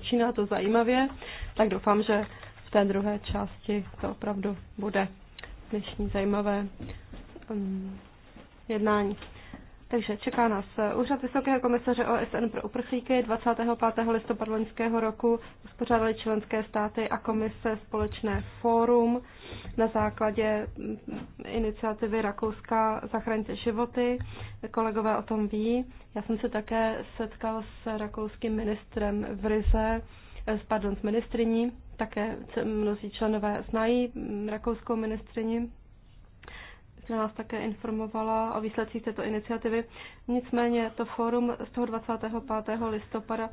začíná to zajímavě, tak doufám, že v té druhé části to opravdu bude dnešní zajímavé um, jednání. Takže čeká nás eh, Úřad Vysokého komisaře OSN pro uprchlíky 25. listopadu loňského roku uspořádali členské státy a komise společné fórum na základě mm, iniciativy Rakouska Zachraňte životy. Kolegové o tom ví. Já jsem se také setkal s rakouským ministrem v Rize, eh, pardon, s ministriní, také mnozí členové znají mm, rakouskou ministrině jste nás také informovala o výsledcích této iniciativy. Nicméně to fórum z toho 25. listopada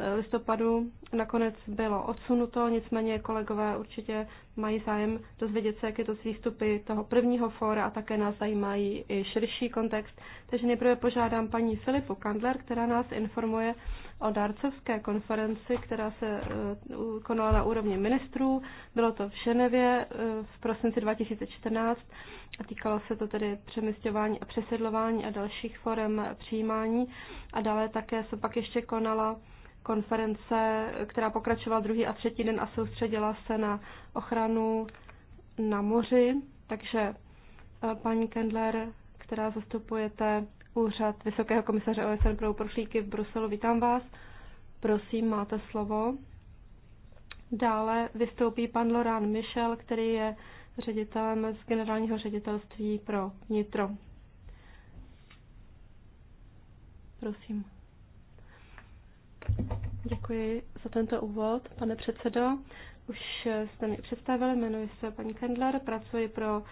eh, listopadu nakonec bylo odsunuto, nicméně kolegové určitě mají zájem dozvědět se, jak je to s výstupy toho prvního fóra a také nás zajímají i širší kontext. Takže nejprve požádám paní Filipu Kandler, která nás informuje o dárcovské konferenci, která se eh, konala na úrovni ministrů. Bylo to v Ženevě eh, v prosinci 2014 a týkalo se to tedy přemysťování a přesedlování a dalších forem přijímání. A dále také se pak ještě konala konference, která pokračovala druhý a třetí den a soustředila se na ochranu na moři. Takže eh, paní Kendler, která zastupujete úřad Vysokého komisaře OSN pro uprchlíky v Bruselu. Vítám vás. Prosím, máte slovo. Dále vystoupí pan Lorán Michel, který je ředitelem z generálního ředitelství pro vnitro. Prosím. Děkuji za tento úvod, pane předsedo. Už jste mi představili, jmenuji se paní Kendler, pracuji pro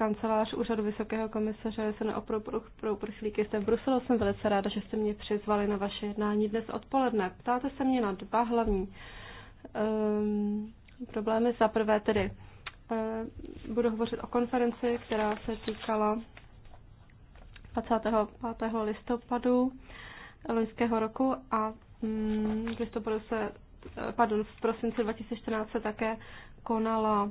kancelář Úřadu Vysokého komisaře opravdu pro uprchlíky jste v Bruselu. Jsem velice ráda, že jste mě přizvali na vaše jednání dnes odpoledne. Ptáte se mě na dva hlavní um, problémy. Za prvé tedy uh, budu hovořit o konferenci, která se týkala 25. listopadu loňského roku a um, v listopadu se, eh, pardon, v prosinci 2014 se také konala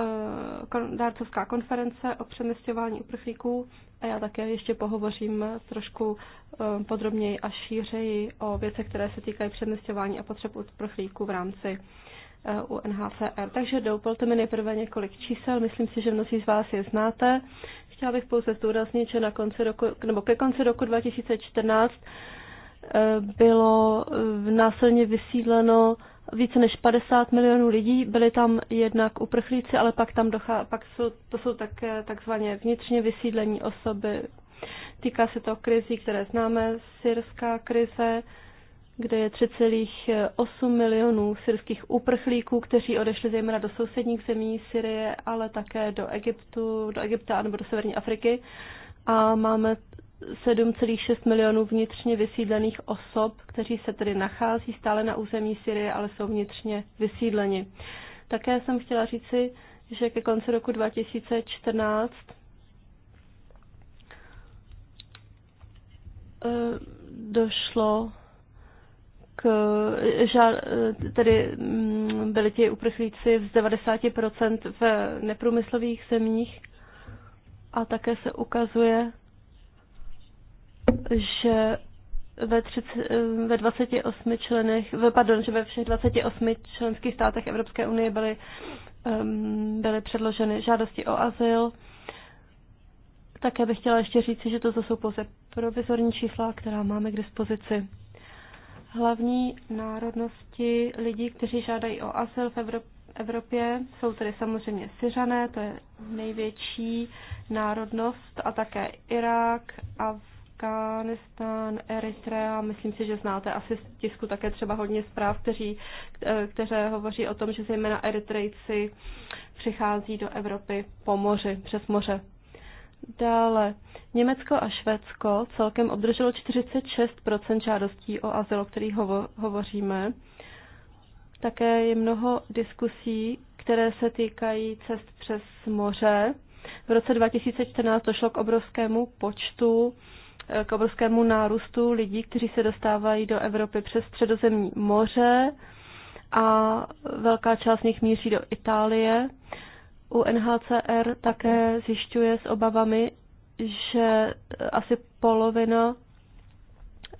Eh, dárcovská konference o přeměstňování uprchlíků a já také ještě pohovořím trošku eh, podrobněji a šířeji o věcech, které se týkají přeměstňování a potřeb uprchlíků v rámci eh, UNHCR. Takže dovolte mi nejprve několik čísel, myslím si, že mnozí z vás je znáte. Chtěla bych pouze zdůraznit, že na konci roku, nebo ke konci roku 2014 bylo násilně vysídleno více než 50 milionů lidí. Byli tam jednak uprchlíci, ale pak tam dochá, pak jsou, to jsou také takzvaně vnitřně vysídlení osoby. Týká se to krizí, které známe, syrská krize, kde je 3,8 eh, milionů syrských uprchlíků, kteří odešli zejména do sousedních zemí Syrie, ale také do Egyptu, do Egypta nebo do severní Afriky. A máme 7,6 milionů vnitřně vysídlených osob, kteří se tedy nachází stále na území Syrie, ale jsou vnitřně vysídleni. Také jsem chtěla říci, že ke konci roku 2014 eh, došlo k, eh, tedy mm, byli ti uprchlíci z 90% v neprůmyslových zemích a také se ukazuje, že ve, 30, ve 28 členech, pardon, že ve všech 28 členských státech Evropské unie byly, byly předloženy žádosti o azyl. Také bych chtěla ještě říci, že to jsou pouze provizorní čísla, která máme k dispozici. Hlavní národnosti lidí, kteří žádají o azyl v Evropě, jsou tedy samozřejmě Syřané, to je největší národnost, a také Irák, Af Afghánistán, Eritrea. Myslím si, že znáte asi z tisku také třeba hodně zpráv, kteří, eh, které hovoří o tom, že zejména Eritrejci přichází do Evropy po moři, přes moře. Dále Německo a Švédsko celkem obdrželo 46 žádostí o azyl, o kterých hovo- hovoříme. Také je mnoho diskusí, které se týkají cest přes moře. V roce 2014 došlo k obrovskému počtu k obrovskému nárůstu lidí, kteří se dostávají do Evropy přes středozemní moře a velká část z nich míří do Itálie. UNHCR také zjišťuje s obavami, že asi polovina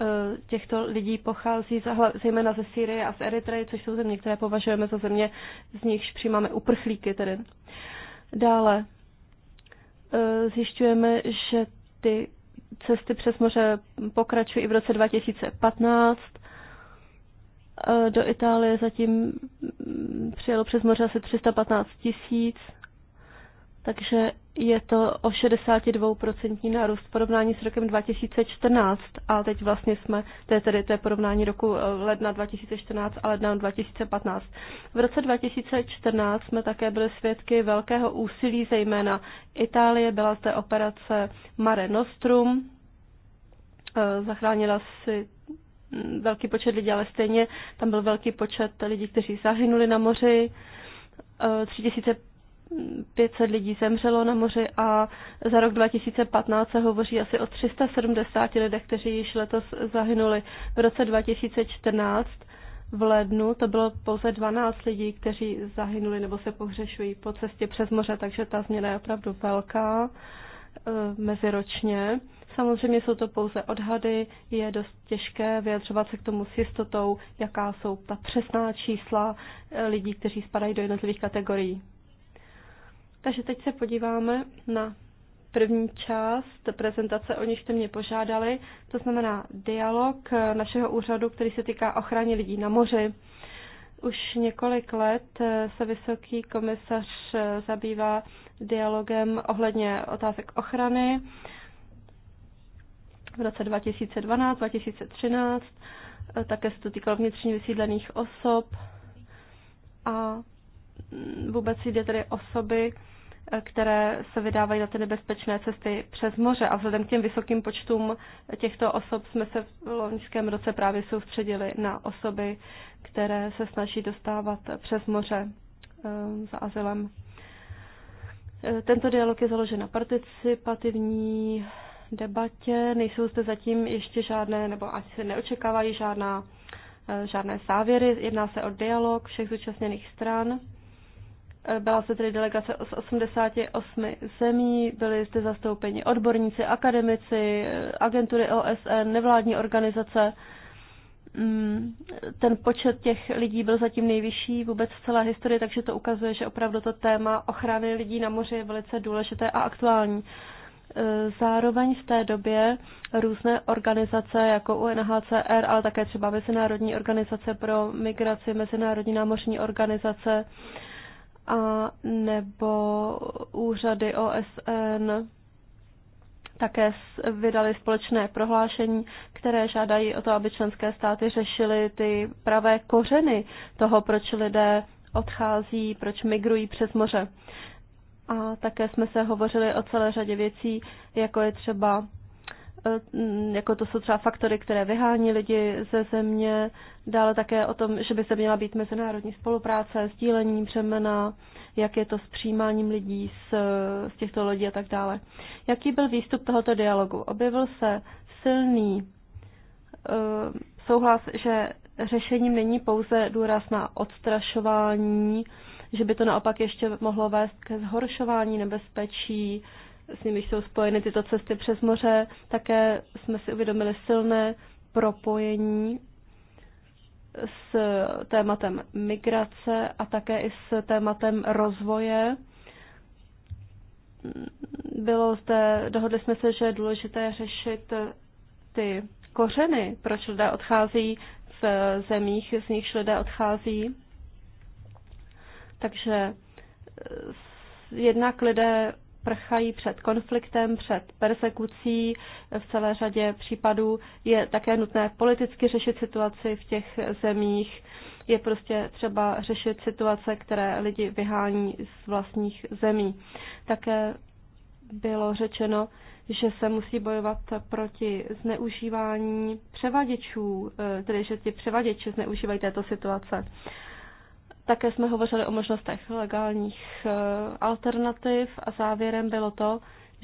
eh, těchto lidí pochází zejména ze Syrie a z Eritreje, což jsou země, které považujeme za země, z nichž přijímáme uprchlíky tedy. Dále eh, zjišťujeme, že ty cesty přes moře pokračují i v roce 2015. E, do Itálie zatím přijelo přes moře asi 315 tisíc takže je to o 62% nárůst v porovnání s rokem 2014 a teď vlastně jsme, to je tedy to je porovnání roku eh, ledna 2014 a ledna 2015. V roce 2014 jsme také byli svědky velkého úsilí, zejména Itálie, byla zde operace Mare Nostrum, eh, zachránila si mm, velký počet lidí, ale stejně tam byl velký počet lidí, kteří zahynuli na moři, 3000 eh, 500 lidí zemřelo na moři a za rok 2015 se hovoří asi o 370 lidech, kteří již letos zahynuli. V roce 2014 v lednu to bylo pouze 12 lidí, kteří zahynuli nebo se pohřešují po cestě přes moře, takže ta změna je opravdu velká eh, meziročně. Samozřejmě jsou to pouze odhady, je dost těžké vyjadřovat se k tomu s jistotou, jaká jsou ta přesná čísla eh, lidí, kteří spadají do jednotlivých kategorií. Takže teď se podíváme na první část prezentace, o níž jste mě požádali, to znamená dialog našeho úřadu, který se týká ochrany lidí na moři. Už několik let se vysoký komisař zabývá dialogem ohledně otázek ochrany v roce 2012, 2013, také se to týkalo vnitřně vysídlených osob a vůbec jde tedy osoby, které se vydávají na ty nebezpečné cesty přes moře. A vzhledem k těm vysokým počtům těchto osob jsme se v loňském roce právě soustředili na osoby, které se snaží dostávat přes moře eh, za azylem. Eh, tento dialog je založen na participativní debatě. Nejsou zde zatím ještě žádné, nebo asi se neočekávají žádná, eh, žádné závěry. Jedná se o dialog všech zúčastněných stran byla se tedy delegace z 88 zemí, byli zde zastoupeni odborníci, akademici, agentury OSN, nevládní organizace. Mm, ten počet těch lidí byl zatím nejvyšší vůbec v celé historii, takže to ukazuje, že opravdu to téma ochrany lidí na moři je velice důležité a aktuální. E, zároveň v té době různé organizace jako UNHCR, ale také třeba Mezinárodní organizace pro migraci, Mezinárodní námořní organizace, a nebo úřady OSN také vydali společné prohlášení, které žádají o to, aby členské státy řešily ty pravé kořeny toho, proč lidé odchází, proč migrují přes moře. A také jsme se hovořili o celé řadě věcí, jako je třeba Eh, mm, jako to jsou třeba faktory, které vyhání lidi ze země, dále také o tom, že by se měla být mezinárodní spolupráce, sdílení břemena, jak je to s přijímáním lidí z, z těchto lodí a tak dále. Jaký byl výstup tohoto dialogu? Objevil se silný uh, souhlas, že řešením není pouze důraz na odstrašování, že by to naopak ještě mohlo vést ke zhoršování nebezpečí, s nimi jsou spojeny tyto cesty přes moře. Také jsme si uvědomili silné propojení s tématem migrace a také i s tématem rozvoje. Bylo zde, dohodli jsme se, že je důležité řešit ty kořeny, proč lidé odchází v zemích, z nichž lidé odchází. Takže jednak lidé prchají před konfliktem, před persekucí v celé řadě případů. Je také nutné politicky řešit situaci v těch zemích. Je prostě třeba řešit situace, které lidi vyhání z vlastních zemí. Také bylo řečeno, že se musí bojovat proti zneužívání převaděčů, eh, tedy že ti převaděči zneužívají této situace. Také jsme hovořili o možnostech legálních eh, alternativ a závěrem bylo to,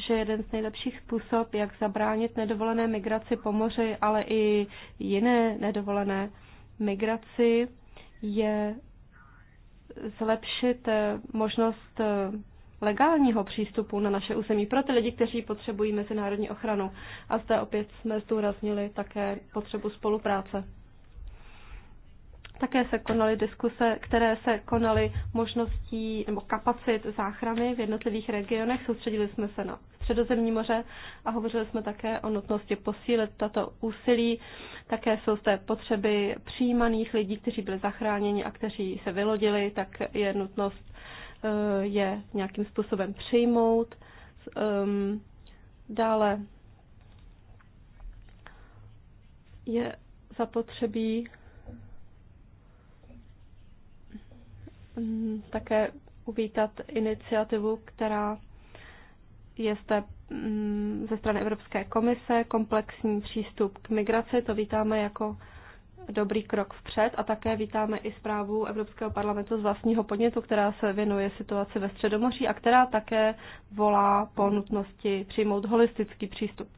že jeden z nejlepších způsob, jak zabránit nedovolené migraci po moři, ale i jiné nedovolené migraci, je zlepšit eh, možnost eh, legálního přístupu na naše území pro ty lidi, kteří potřebují mezinárodní ochranu. A zde opět jsme zdůraznili také potřebu spolupráce. Také se konaly diskuse, které se konaly možností nebo kapacit záchrany v jednotlivých regionech. Soustředili jsme se na Středozemní moře a hovořili jsme také o nutnosti posílit tato úsilí. Také jsou zde potřeby přijímaných lidí, kteří byli zachráněni a kteří se vylodili, tak je nutnost eh, je nějakým způsobem přijmout. Ehm, dále je zapotřebí Mm, také uvítat iniciativu, která je zde mm, ze strany Evropské komise komplexní přístup k migraci. To vítáme jako dobrý krok vpřed a také vítáme i zprávu Evropského parlamentu z vlastního podnětu, která se věnuje situaci ve Středomoří a která také volá po nutnosti přijmout holistický přístup.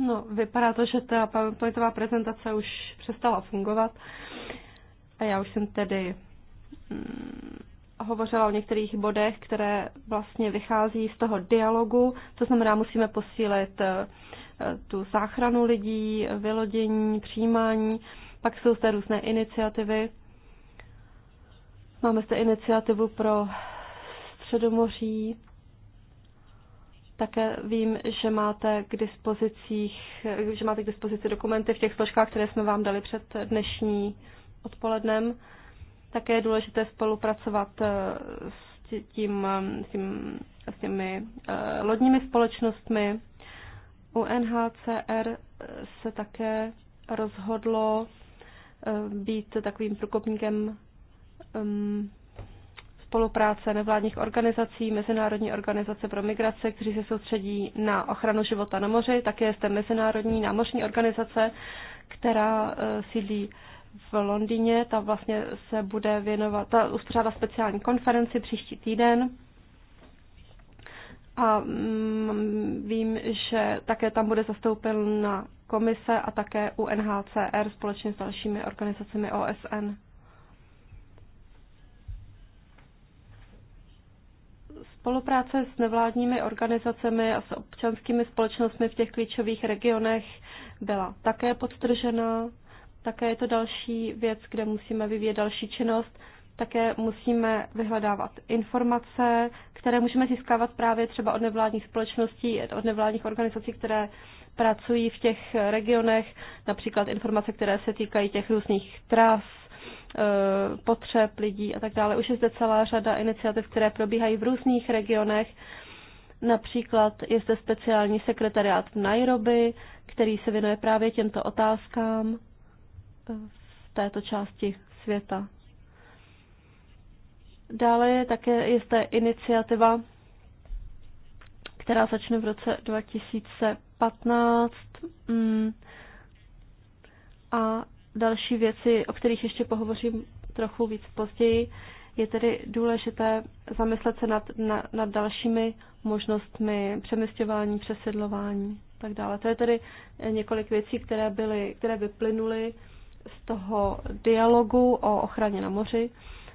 No, vypadá to, že ta PowerPointová prezentace už přestala fungovat. A já už jsem tedy hmm, hovořila o některých bodech, které vlastně vychází z toho dialogu, to znamená, musíme posílit eh, tu záchranu lidí, vylodění, přijímání, pak jsou zde různé iniciativy. Máme zde iniciativu pro Středomoří, také vím, že máte k dispozici, že máte k dispozici dokumenty v těch složkách, které jsme vám dali před dnešní odpolednem. Také je důležité spolupracovat eh, s, tím, eh, s, tím, s těmi eh, lodními společnostmi. U NHCR se také rozhodlo být takovým průkopníkem mm, spolupráce nevládních organizací, Mezinárodní organizace pro migrace, kteří se soustředí na ochranu života na moři, také je zde Mezinárodní námořní organizace, která eh, sídlí v Londýně, ta vlastně se bude věnovat, ta uspořádá speciální konferenci příští týden. A mm, vím, že také tam bude zastoupen na komise a také UNHCR společně s dalšími organizacemi OSN. Spolupráce s nevládními organizacemi a s občanskými společnostmi v těch klíčových regionech byla také podtržena. Také je to další věc, kde musíme vyvíjet další činnost. Také musíme vyhledávat informace, které můžeme získávat právě třeba od nevládních společností, od nevládních organizací, které pracují v těch regionech, například informace, které se týkají těch různých tras, Eh, potřeb lidí a tak dále. Už je zde celá řada iniciativ, které probíhají v různých regionech. Například je zde speciální sekretariát v Nairobi, který se věnuje právě těmto otázkám eh, v této části světa. Dále je také je zde iniciativa, která začne v roce 2015 mm, a další věci, o kterých ještě pohovořím trochu víc později, je tedy důležité zamyslet se nad, na, nad dalšími možnostmi přemysťování, přesedlování a tak dále. To je tedy několik věcí, které, byly, které vyplynuly z toho dialogu o ochraně na moři.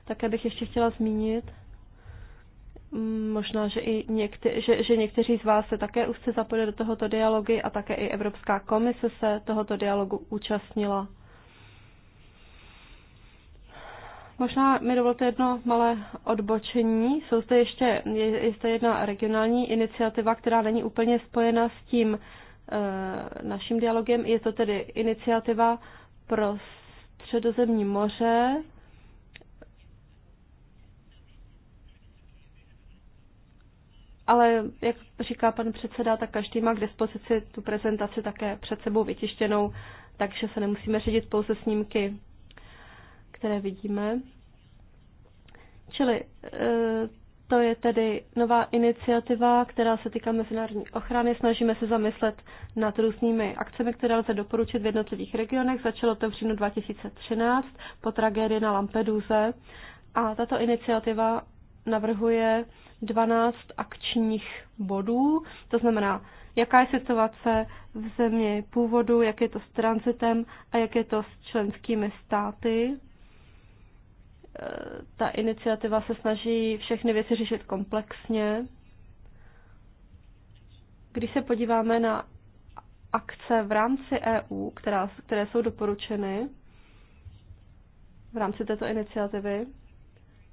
Také bych ještě chtěla zmínit, mm, možná, že i někte, že, že někteří z vás se také už se zapojili do tohoto dialogu a také i Evropská komise se tohoto dialogu účastnila. Možná mi dovolte jedno malé odbočení. Jsou zde ještě je zde jedna regionální iniciativa, která není úplně spojena s tím e, naším dialogem. Je to tedy iniciativa pro středozemní moře. Ale jak říká pan předseda, tak každý má k dispozici tu prezentaci také před sebou vytištěnou, takže se nemusíme řídit pouze snímky které vidíme. Čili e, to je tedy nová iniciativa, která se týká mezinárodní ochrany. Snažíme se zamyslet nad různými akcemi, které lze doporučit v jednotlivých regionech. Začalo to v říjnu 2013 po tragédii na Lampeduze a tato iniciativa navrhuje 12 akčních bodů, to znamená, jaká je situace v zemi původu, jak je to s transitem a jak je to s členskými státy ta iniciativa se snaží všechny věci řešit komplexně. Když se podíváme na akce v rámci EU, která, které jsou doporučeny v rámci této iniciativy,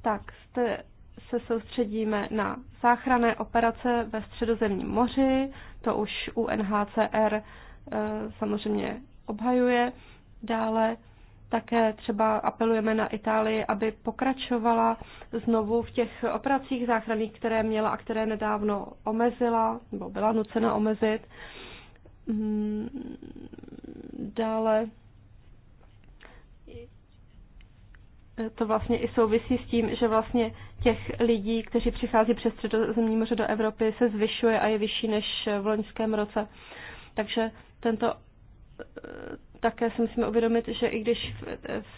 tak jste, se soustředíme na záchranné operace ve středozemním moři, to už UNHCR eh, samozřejmě obhajuje. Dále také třeba apelujeme na Itálii, aby pokračovala znovu v těch operacích záchranných, které měla a které nedávno omezila, nebo byla nucena omezit. Mm, dále to vlastně i souvisí s tím, že vlastně těch lidí, kteří přichází přes středozemní moře do Evropy, se zvyšuje a je vyšší než v loňském roce. Takže tento také si musíme uvědomit, že i když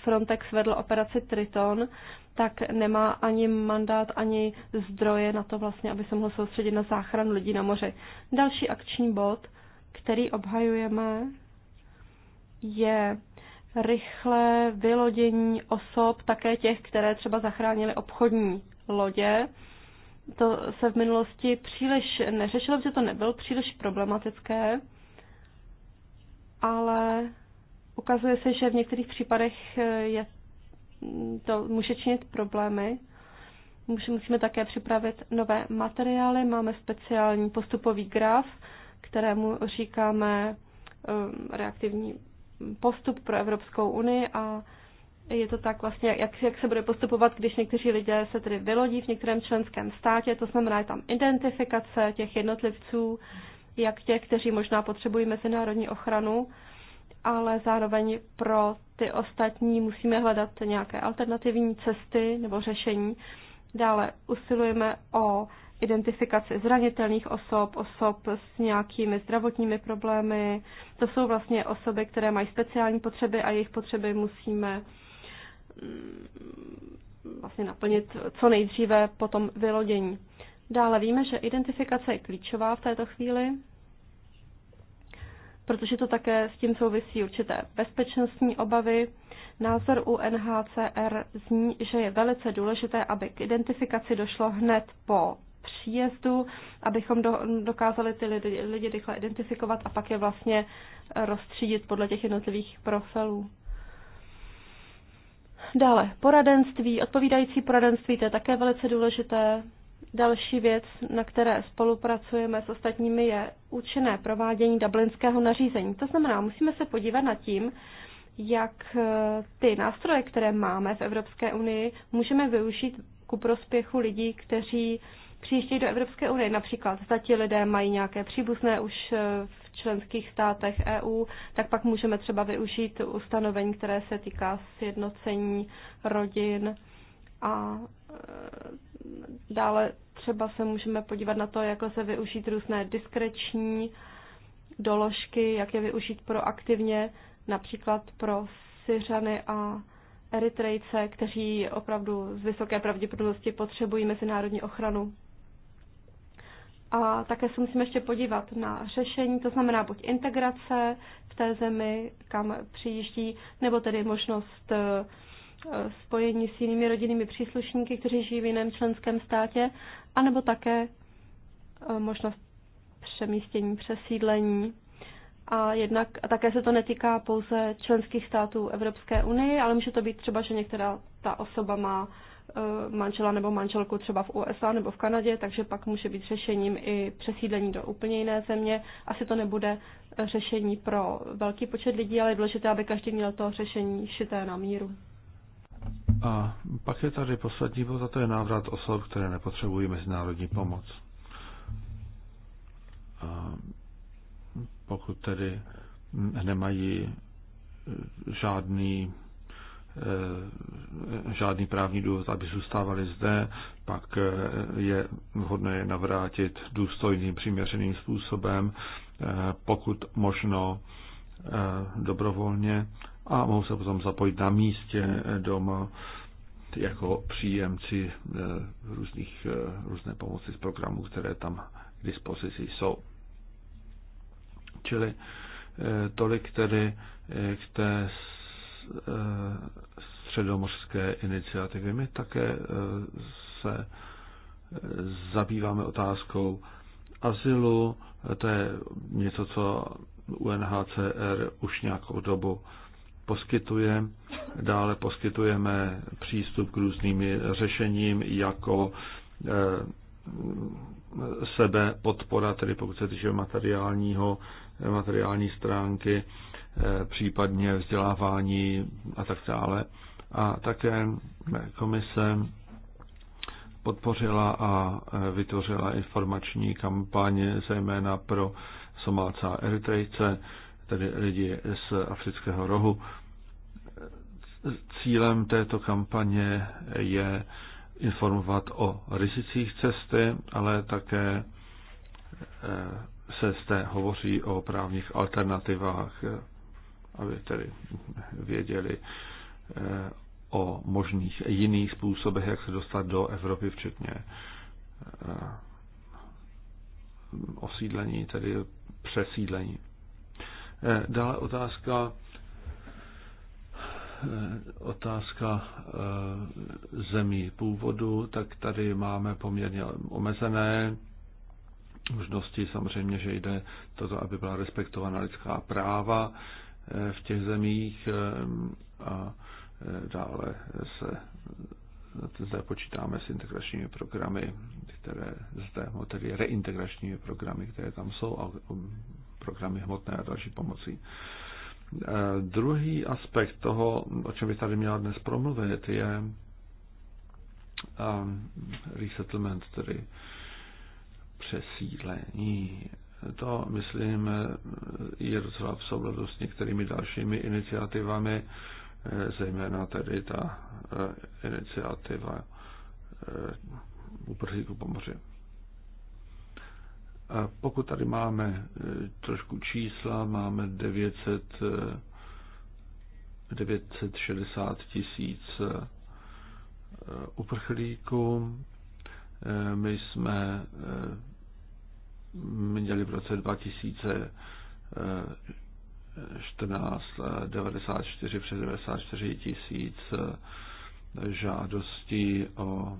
Frontex vedl operaci Triton, tak nemá ani mandát, ani zdroje na to vlastně, aby se mohl soustředit na záchranu lidí na moři. Další akční bod, který obhajujeme, je rychlé vylodění osob, také těch, které třeba zachránili obchodní lodě. To se v minulosti příliš neřešilo, protože to nebylo příliš problematické, ale Ukazuje se, že v některých případech eh, je to může činit problémy. Musíme také připravit nové materiály. Máme speciální postupový graf, kterému říkáme eh, reaktivní postup pro Evropskou unii a je to tak vlastně, jak, jak se bude postupovat, když někteří lidé se tedy vylodí v některém členském státě, to znamená je tam identifikace těch jednotlivců, jak těch, kteří možná potřebují mezinárodní ochranu, ale zároveň pro ty ostatní musíme hledat nějaké alternativní cesty nebo řešení. Dále usilujeme o identifikaci zranitelných osob, osob s nějakými zdravotními problémy. To jsou vlastně osoby, které mají speciální potřeby a jejich potřeby musíme mm, vlastně naplnit co nejdříve po tom vylodění. Dále víme, že identifikace je klíčová v této chvíli protože to také s tím souvisí určité bezpečnostní obavy. Názor UNHCR zní, že je velice důležité, aby k identifikaci došlo hned po příjezdu, abychom do, dokázali ty lidi, lidi rychle identifikovat a pak je vlastně rozstřídit podle těch jednotlivých profilů. Dále, poradenství, odpovídající poradenství, to je také velice důležité. Další věc, na které spolupracujeme s ostatními, je účinné provádění dublinského nařízení. To znamená, musíme se podívat na tím, jak eh, ty nástroje, které máme v Evropské unii, můžeme využít ku prospěchu lidí, kteří přijíždějí do Evropské unie. Například zda ti lidé mají nějaké příbuzné už eh, v členských státech EU, tak pak můžeme třeba využít ustanovení, které se týká sjednocení rodin a eh, Dále třeba se můžeme podívat na to, jak se využít různé diskreční doložky, jak je využít proaktivně, například pro Syřany a Eritrejce, kteří opravdu z vysoké pravděpodobnosti potřebují mezinárodní ochranu. A také se musíme ještě podívat na řešení, to znamená buď integrace v té zemi, kam přijíždí, nebo tedy možnost eh, spojení s jinými rodinnými příslušníky, kteří žijí v jiném členském státě, anebo také eh, možnost přemístění, přesídlení. A, jednak, a také se to netýká pouze členských států Evropské unie, ale může to být třeba, že některá ta osoba má eh, manžela nebo manželku třeba v USA nebo v Kanadě, takže pak může být řešením i přesídlení do úplně jiné země. Asi to nebude řešení pro velký počet lidí, ale je důležité, aby každý měl to řešení šité na míru. A pak je tady poslední bod, a to je návrat osob, které nepotřebují mezinárodní pomoc. A pokud tedy nemají eh, žádný eh, žádný právní důvod, aby zůstávali zde, pak eh, je vhodné je navrátit důstojným, přiměřeným způsobem, pokud možno dobrovolně a mohou se potom zapojit na místě eh, doma jako příjemci eh, různých, eh, různé pomoci z programů, které tam k dispozici jsou. Čili tolik tedy k té středomořské iniciativy. My také se zabýváme otázkou azylu. To je něco, co UNHCR už nějakou dobu poskytuje. Dále poskytujeme přístup k různým řešením jako eh, sebe podpora, tedy pokud se týče materiálního, materiální stránky, eh, případně vzdělávání a tak dále. A také komise podpořila a eh, vytvořila informační kampaně zejména pro Somálce a Eritrejce, tedy lidi z afrického rohu. Cílem této kampaně je informovat o rizicích cesty, ale také eh, se zde hovoří o právních alternativách, aby tedy věděli eh, o možných jiných způsobech, jak se dostat do Evropy, včetně eh, osídlení, tedy přesídlení. Dále otázka Eh, otázka eh, zemí původu, tak tady máme poměrně omezené možnosti. Samozřejmě, že jde to, aby byla respektována lidská práva eh, v těch zemích a dále se zde počítáme s integračními programy, které zde, tedy reintegračními programy, které tam jsou a mm, programy hmotné a další pomocí. Eh, druhý aspekt toho, o čem by tady měla dnes promluvit, je eh, resettlement, tedy přesídlení. To, myslím, je docela v souladu s některými dalšími iniciativami, eh, zejména tedy ta iniciativa uprchlíků po moři. A pokud tady máme e, trošku čísla, máme 900, 960 e, tisíc e, uprchlíků. My jsme měli v roce 2014 94 přes 94 tisíc žádostí o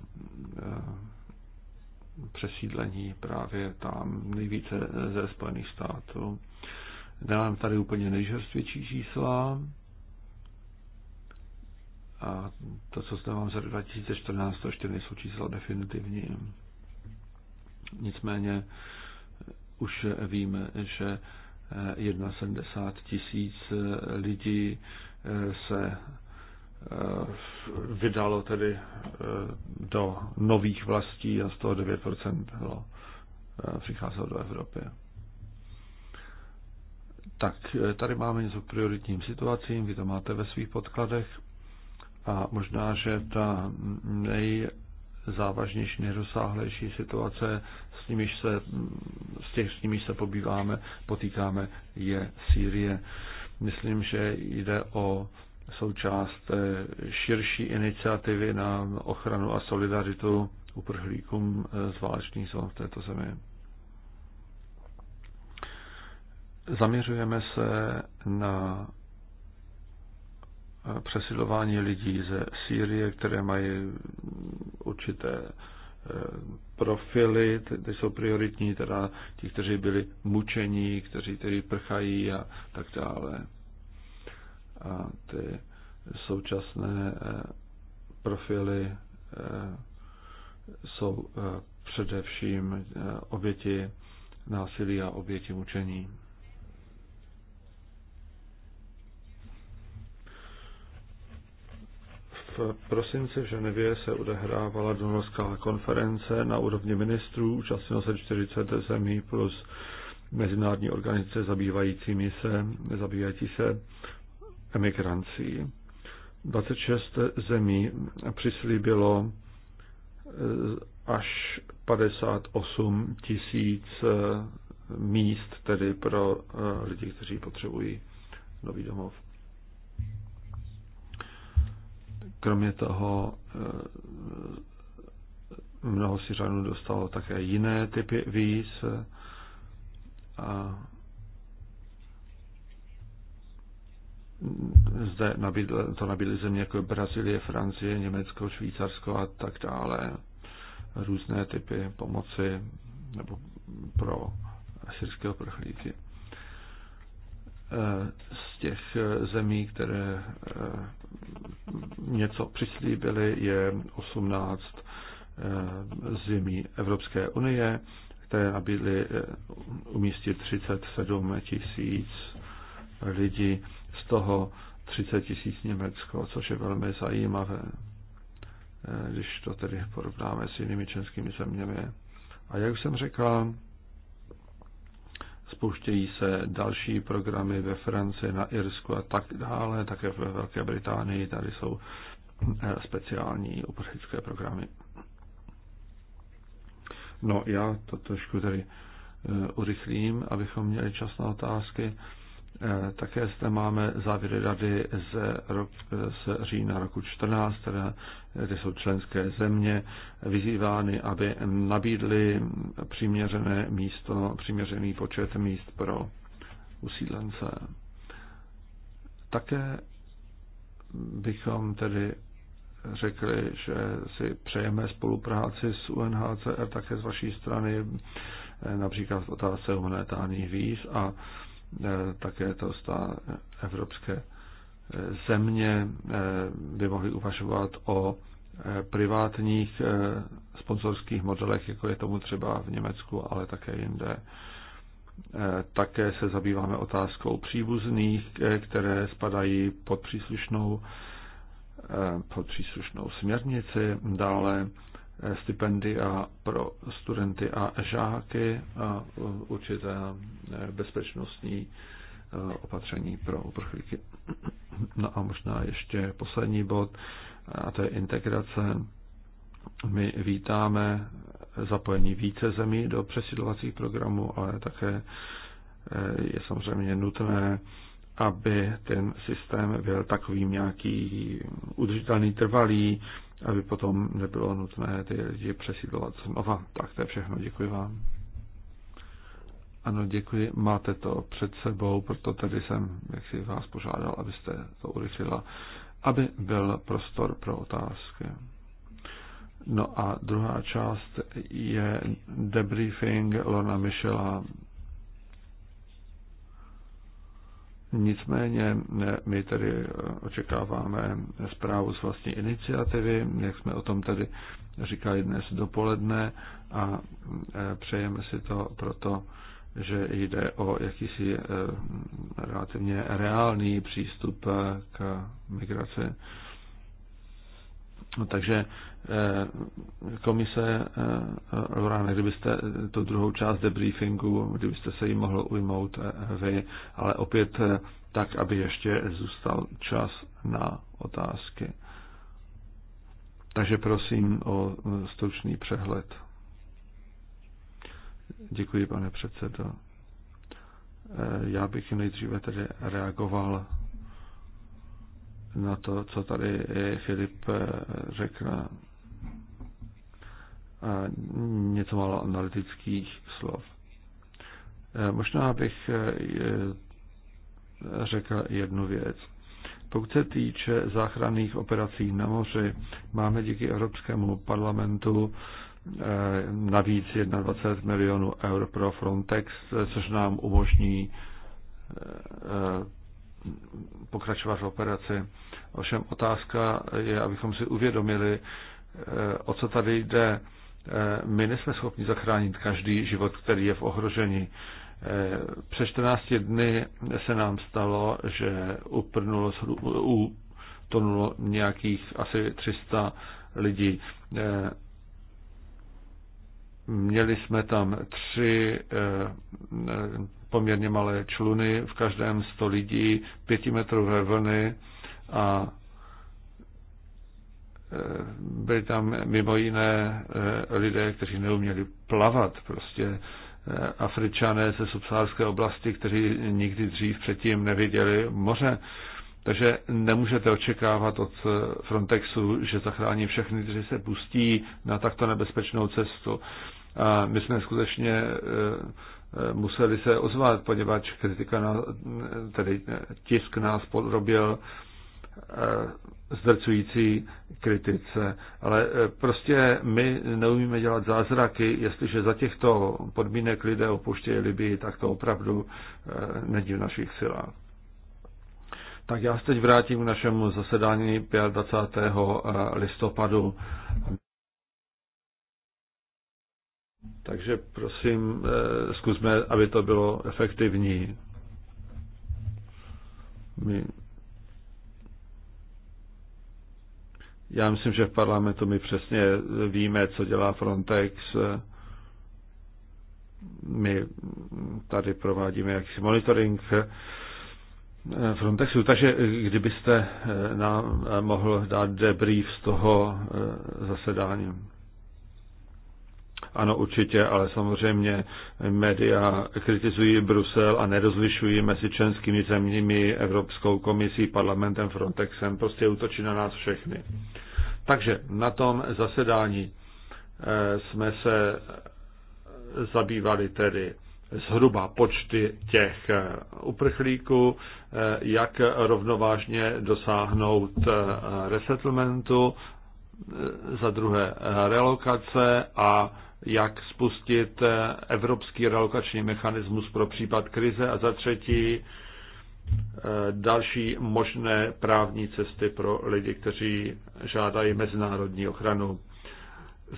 přesídlení právě tam nejvíce ze Spojených států. Nemám tady úplně nejžerstvější čísla. A to, co zde mám za 2014, to ještě nejsou čísla definitivní. Nicméně už víme, že 71 eh, tisíc eh, lidí eh, se Eh, vydalo tedy eh, do nových vlastí a z toho 9% bylo, eh, přicházelo do Evropy. Tak tady máme něco k prioritním situacím, vy to máte ve svých podkladech a možná, že ta nejzávažnější, nejrozsáhlejší situace, s nimiž se, mm, s těch, s nimiž se pobýváme, potýkáme, je Sýrie. Myslím, že jde o součást eh, širší iniciativy na ochranu a solidaritu uprchlíkům eh, z válečných zón v této zemi. Zaměřujeme se na eh, přesilování lidí ze Sýrie, které mají určité profily, ty jsou prioritní, teda ti, kteří byli mučení, kteří tedy prchají a tak dále a ty současné eh, profily eh, jsou eh, především oběti násilí a oběti mučení. V prosinci v Ženevě se odehrávala donorská konference na úrovni ministrů, účastnilo se 40 zemí plus mezinárodní organizace zabývající se, zabývající se emigrancí. 26 zemí přislíbilo eh, až 58 tisíc eh, míst, tedy pro eh, lidi, kteří potřebují nový domov. Kromě toho mnoho Syřanů dostalo také jiné typy víz a zde nabídl, to nabídly země jako Brazílie, Francie, Německo, Švýcarsko a tak dále. Různé typy pomoci nebo pro syrské prchlíky. E, z těch zemí, které e, něco přislíbily, je 18 e, zemí Evropské unie, které nabídly umístit 37 tisíc lidí toho 30 tisíc Německo, což je velmi zajímavé, eh, když to tedy porovnáme s jinými českými zeměmi. A jak jsem řekl, spouštějí se další programy ve Francii, na Irsku a tak dále, také ve Velké Británii, tady jsou eh, speciální uprchlické programy. No, já to trošku tady eh, urychlím, abychom měli čas na otázky. Eh, také zde máme závěry rady z, rok, eh, z října roku 14, teda, eh, kde jsou členské země vyzývány, aby nabídly přiměřené místo, přiměřený počet míst pro usídlence. Také bychom tedy řekli, že si přejeme spolupráci s UNHCR také z vaší strany, například v otázce humanitárních víz a Eh, také to stá evropské eh, země eh, by mohly uvažovat o privátních sponsorských modelech, jako je tomu třeba v Německu, ale také jinde. Také se zabýváme otázkou příbuzných, které spadají pod příslušnou, pod příslušnou směrnici. Dále stipendia pro studenty a žáky a určité bezpečnostní e, opatření pro uprchlíky. No a možná ještě poslední bod, a to je integrace. My vítáme zapojení více zemí do přesídlovacích programů, ale také e, je samozřejmě nutné, aby ten systém byl takový nějaký udržitelný, trvalý, aby potom nebylo nutné ty lidi přesídlovat znova. Tak to je všechno, děkuji vám. Ano, děkuji. Máte to před sebou, proto tedy jsem, jak si vás požádal, abyste to urychlila, aby byl prostor pro otázky. No a druhá část je debriefing Lorna Michela Nicméně my tedy eh, očekáváme zprávu z vlastní iniciativy, jak jsme o tom tedy říkali dnes dopoledne a eh, přejeme si to proto, že jde o jakýsi eh, relativně reálný přístup k migraci. No, takže eh, komise, eh, Loráne, kdybyste eh, tu druhou část debriefingu, kdybyste se jí mohl ujmout vy, ale opět tak, aby ještě zůstal čas na otázky. Takže prosím o stručný přehled. Děkuji, pane předsedo. Já bych nejdříve tedy reagoval na to, co tady Filip eh, řekl. Něco málo analytických slov. Eh, možná bych eh, řekl jednu věc. Pokud se týče záchranných operací na moři, máme díky Evropskému parlamentu navíc 21 milionů eur pro Frontex, což nám umožní pokračovat v operaci. Ovšem otázka je, abychom si uvědomili, eh, o co tady jde. Eh, my nejsme schopni zachránit každý život, který je v ohrožení. Eh, před 14 dny se nám stalo, že uprnulo, utonulo nějakých asi 300 lidí. Měli jsme tam tři poměrně malé čluny, v každém 100 lidí, pětimetrové vlny a e, byli tam mimo jiné e, lidé, kteří neuměli plavat, prostě e, Afričané ze subsaharské oblasti, kteří nikdy dřív předtím neviděli moře. Takže nemůžete očekávat od Frontexu, že zachrání všechny, kteří se pustí na takto nebezpečnou cestu. A my jsme skutečně museli se ozvat, poněvadž kritika na, tedy tisk nás podrobil eh, zdrcující kritice. Ale eh, prostě my neumíme dělat zázraky, jestliže za těchto podmínek lidé opuštějí Libii, tak to opravdu eh, není v našich silách. Tak já se teď vrátím k našemu zasedání 25. listopadu. Takže prosím, eh, zkusme, aby to bylo efektivní. My... Já myslím, že v parlamentu my přesně víme, co dělá Frontex. My tady provádíme jakýsi monitoring eh, Frontexu. Takže kdybyste eh, nám mohl dát debrief z toho zasedání. Ano, určitě, ale samozřejmě média kritizují Brusel a nerozlišují mezi členskými zeměmi, Evropskou komisí, parlamentem, Frontexem. Prostě útočí na nás všechny. Takže na tom zasedání eh, jsme se zabývali tedy zhruba počty těch eh, uprchlíků, eh, jak rovnovážně dosáhnout resettlementu, za druhé relokace a jak spustit eh, evropský relokační mechanismus pro případ krize a za třetí eh, další možné právní cesty pro lidi, kteří žádají mezinárodní ochranu.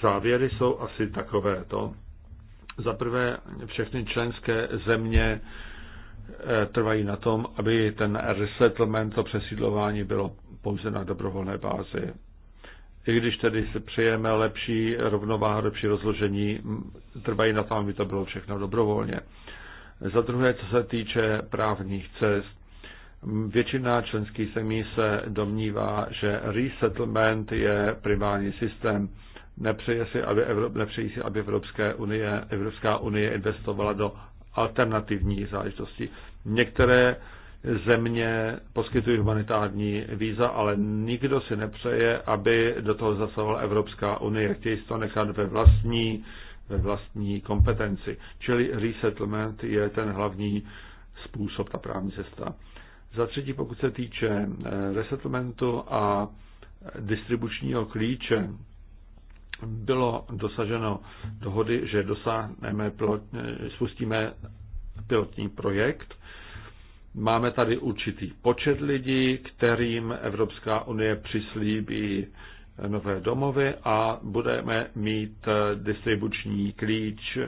Závěry jsou asi takovéto. Za prvé, všechny členské země eh, trvají na tom, aby ten resettlement, to přesídlování bylo pouze na dobrovolné bázi i když tedy se přejeme lepší rovnováhu, lepší rozložení, trvají na tom, aby to bylo všechno dobrovolně. Za druhé, co se týče právních cest, většina členských zemí se domnívá, že resettlement je primární systém. Nepřeje si, aby, Evrop, nepřejí si, aby Evropské unie, Evropská unie investovala do alternativní záležitosti. Některé země poskytují humanitární víza, ale nikdo si nepřeje, aby do toho zasahovala Evropská unie. Chtějí to nechat ve vlastní, ve vlastní kompetenci. Čili resettlement je ten hlavní způsob, ta právní cesta. Za třetí, pokud se týče eh, resettlementu a distribučního klíče, bylo dosaženo dohody, že dosáhneme, eh, spustíme pilotní projekt, Máme tady určitý počet lidí, kterým Evropská unie přislíbí nové domovy a budeme mít distribuční klíč.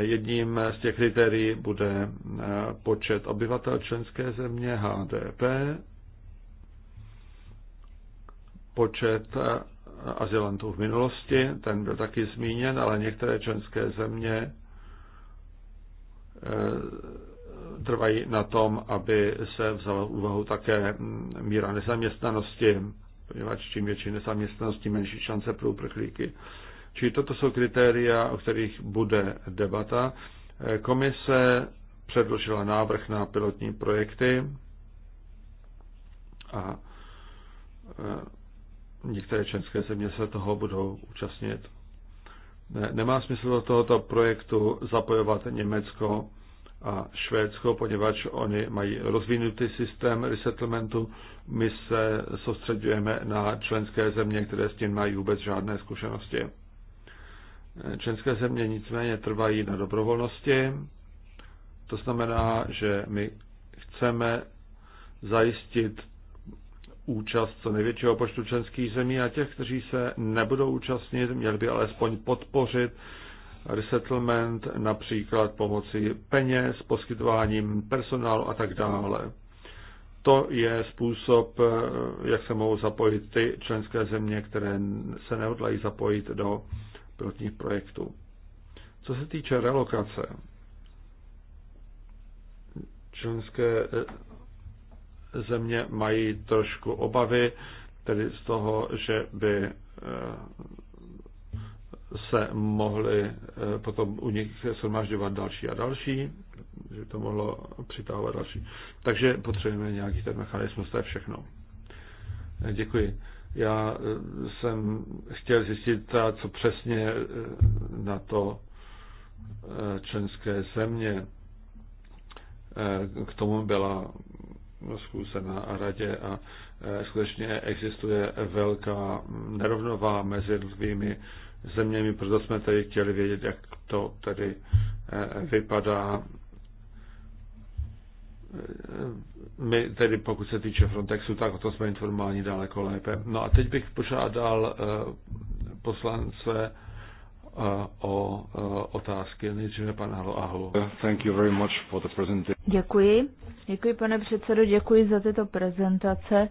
Jedním z těch kritérií bude počet obyvatel členské země HDP, počet azylantů v minulosti, ten byl taky zmíněn, ale některé členské země trvají na tom, aby se vzala v úvahu také míra nezaměstnanosti, poněvadž čím větší nezaměstnanost, tím menší šance pro uprchlíky. Čili toto jsou kritéria, o kterých bude debata. Komise předložila návrh na pilotní projekty a e, některé české země se toho budou účastnit. Nemá smysl do tohoto projektu zapojovat Německo, a Švédsko, poněvadž oni mají rozvinutý systém resettlementu. My se soustředujeme na členské země, které s tím mají vůbec žádné zkušenosti. Členské země nicméně trvají na dobrovolnosti. To znamená, že my chceme zajistit účast co největšího počtu členských zemí a těch, kteří se nebudou účastnit, měli by alespoň podpořit resettlement, například pomocí peněz, poskytováním personálu a tak dále. To je způsob, jak se mohou zapojit ty členské země, které se neodlají zapojit do pilotních projektů. Co se týče relokace, členské eh, země mají trošku obavy, tedy z toho, že by eh, se mohly eh, potom u nich shromažďovat další a další, že to mohlo přitahovat další. Takže potřebujeme nějaký ten mechanismus, to je všechno. Eh, děkuji. Já eh, jsem chtěl zjistit, co přesně na to členské země. K tomu byla zkusena na radě a skutečně existuje velká nerovnová mezi dvými zeměmi, proto jsme tady chtěli vědět, jak to tady eh, vypadá. Eh, my tedy, pokud se týče Frontexu, tak o tom jsme informováni daleko lépe. No a teď bych požádal eh, poslance o otázky. Nejdříve pan Halo Ahu. Thank you very much for the presentation. Děkuji. Děkuji, pane předsedo, děkuji za tyto prezentace.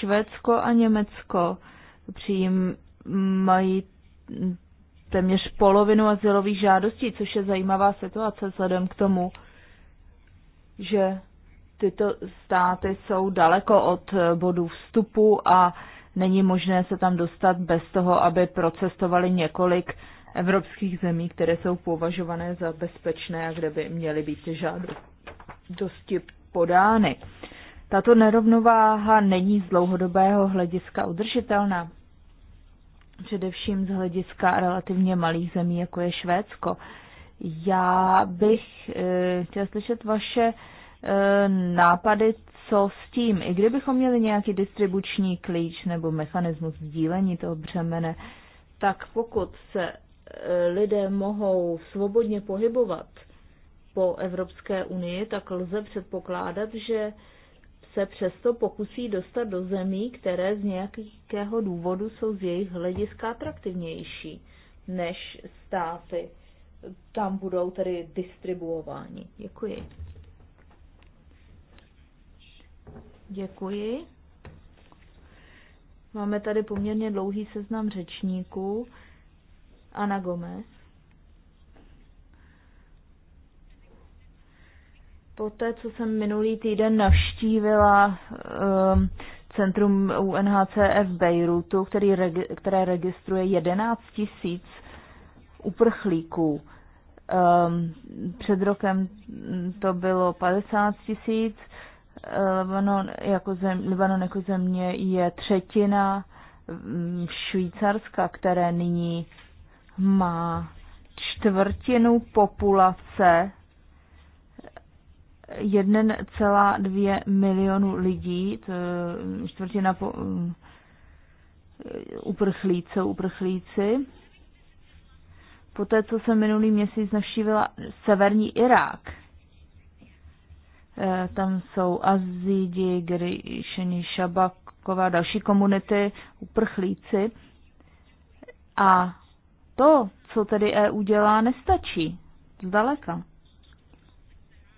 Švédsko a Německo přijím, mají téměř polovinu asilových žádostí, což je zajímavá situace vzhledem k tomu, že tyto státy jsou daleko od bodu vstupu a není možné se tam dostat bez toho, aby procestovali několik evropských zemí, které jsou považované za bezpečné a kde by měly být žádosti podány. Tato nerovnováha není z dlouhodobého hlediska udržitelná především z hlediska relativně malých zemí, jako je Švédsko. Já bych e, eh, chtěla slyšet vaše e, nápady, co s tím. I kdybychom měli nějaký distribuční klíč nebo mechanismus sdílení toho břemene, tak pokud se eh, lidé mohou svobodně pohybovat po Evropské unii, tak lze předpokládat, že se přesto pokusí dostat do zemí, které z nějakého důvodu jsou z jejich hlediska atraktivnější než státy. Tam budou tedy distribuováni. Děkuji. Děkuji. Máme tady poměrně dlouhý seznam řečníků. Ana Gomez. Poté, co jsem minulý týden navštívila um, centrum UNHCR v Bejrutu, který, které registruje 11 tisíc uprchlíků. Um, před rokem to bylo 50 tisíc. Eh, Libanon jako, zem, Libanon jako země je třetina mm, Švýcarska, které nyní má čtvrtinu populace 1,2 milionu lidí, to čtvrtina po, eh, uprchlíce, uprchlíci. Poté, co jsem minulý měsíc navštívila severní Irák, eh, tam jsou Azidi, Gryšeni, Šabakova, další komunity, uprchlíci. A to, co tedy EU dělá, nestačí. Zdaleka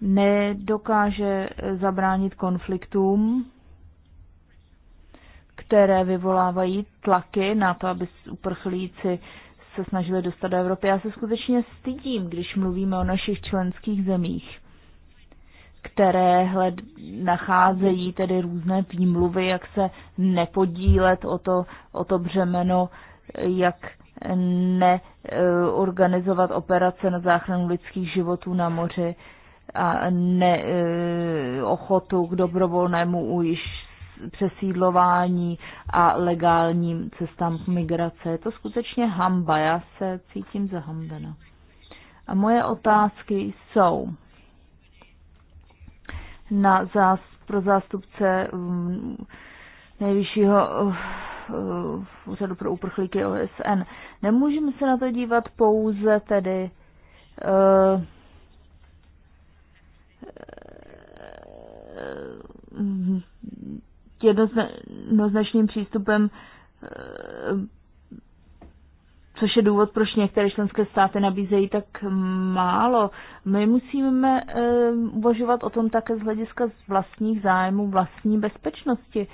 nedokáže eh, zabránit konfliktům, které vyvolávají tlaky na to, aby uprchlíci se snažili dostat do Evropy. Já se skutečně stydím, když mluvíme o našich členských zemích, které hled, nacházejí tedy různé výmluvy, jak se nepodílet o to, o to břemeno, jak neorganizovat eh, operace na záchranu lidských životů na moři a ne, e, ochotu k dobrovolnému ujiš, přesídlování a legálním cestám k migrace. Je to skutečně hamba, já se cítím zahambena. A moje otázky jsou na zás, pro zástupce mm, nejvyššího eh, eh, úřadu pro uprchlíky OSN. Nemůžeme se na to dívat pouze tedy eh, jednoznačným přístupem, eh, což je důvod, proč některé členské státy nabízejí tak málo. My musíme eh, uvažovat o tom také z hlediska vlastních zájmů, vlastní bezpečnosti.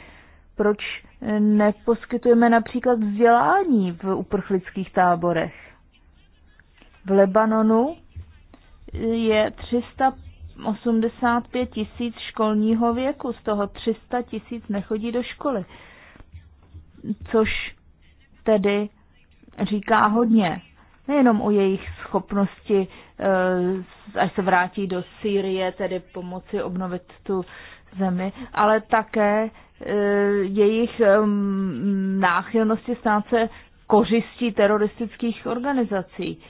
Proč eh, neposkytujeme například vzdělání v uprchlických táborech? V Lebanonu je 300 85 tisíc školního věku, z toho 300 tisíc nechodí do školy, což tedy říká hodně. Nejenom o jejich schopnosti, eh, až se vrátí do Sýrie, tedy pomoci obnovit tu zemi, ale také eh, jejich náchylnosti stát se kořistí teroristických organizací.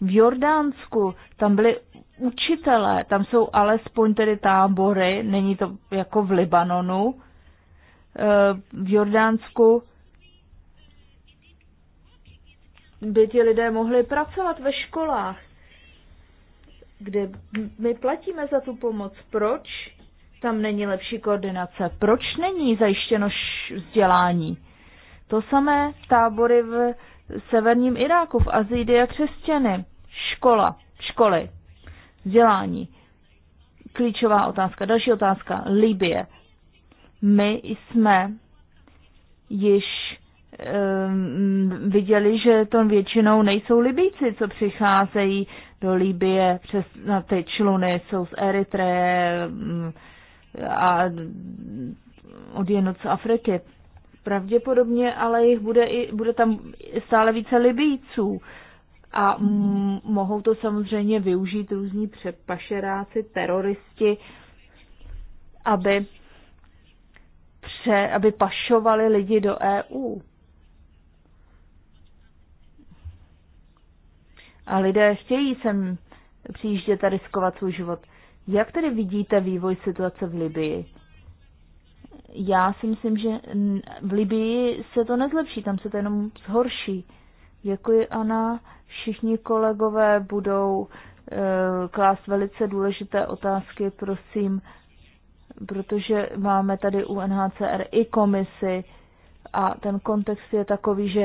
V Jordánsku tam byly učitelé, tam jsou alespoň tedy tábory, není to jako v Libanonu, eh, v Jordánsku, by ti lidé mohli pracovat ve školách, kde my platíme za tu pomoc. Proč tam není lepší koordinace? Proč není zajištěno vzdělání? To samé tábory v severním Iráku, v Azídy a křesťany. Škola, školy, Vzdělání. Klíčová otázka. Další otázka. Libie. My jsme již ehm, viděli, že to většinou nejsou Libíci, co přicházejí do Libie přes na ty čluny, jsou z Eritreje mm, a od jednot z Afriky. Pravděpodobně ale jich bude, i, bude tam stále více Libíců a mohou to samozřejmě využít různí přepašeráci, teroristi, aby, pře, aby pašovali lidi do EU. A lidé chtějí sem přijíždět a riskovat svůj život. Jak tedy vidíte vývoj situace v Libii? Já si myslím, že v Libii se to nezlepší, tam se to jenom zhorší. Děkuji, Ana. Všichni kolegové budou eh, klást velice důležité otázky, prosím, protože máme tady UNHCR i komisi a ten kontext je takový, že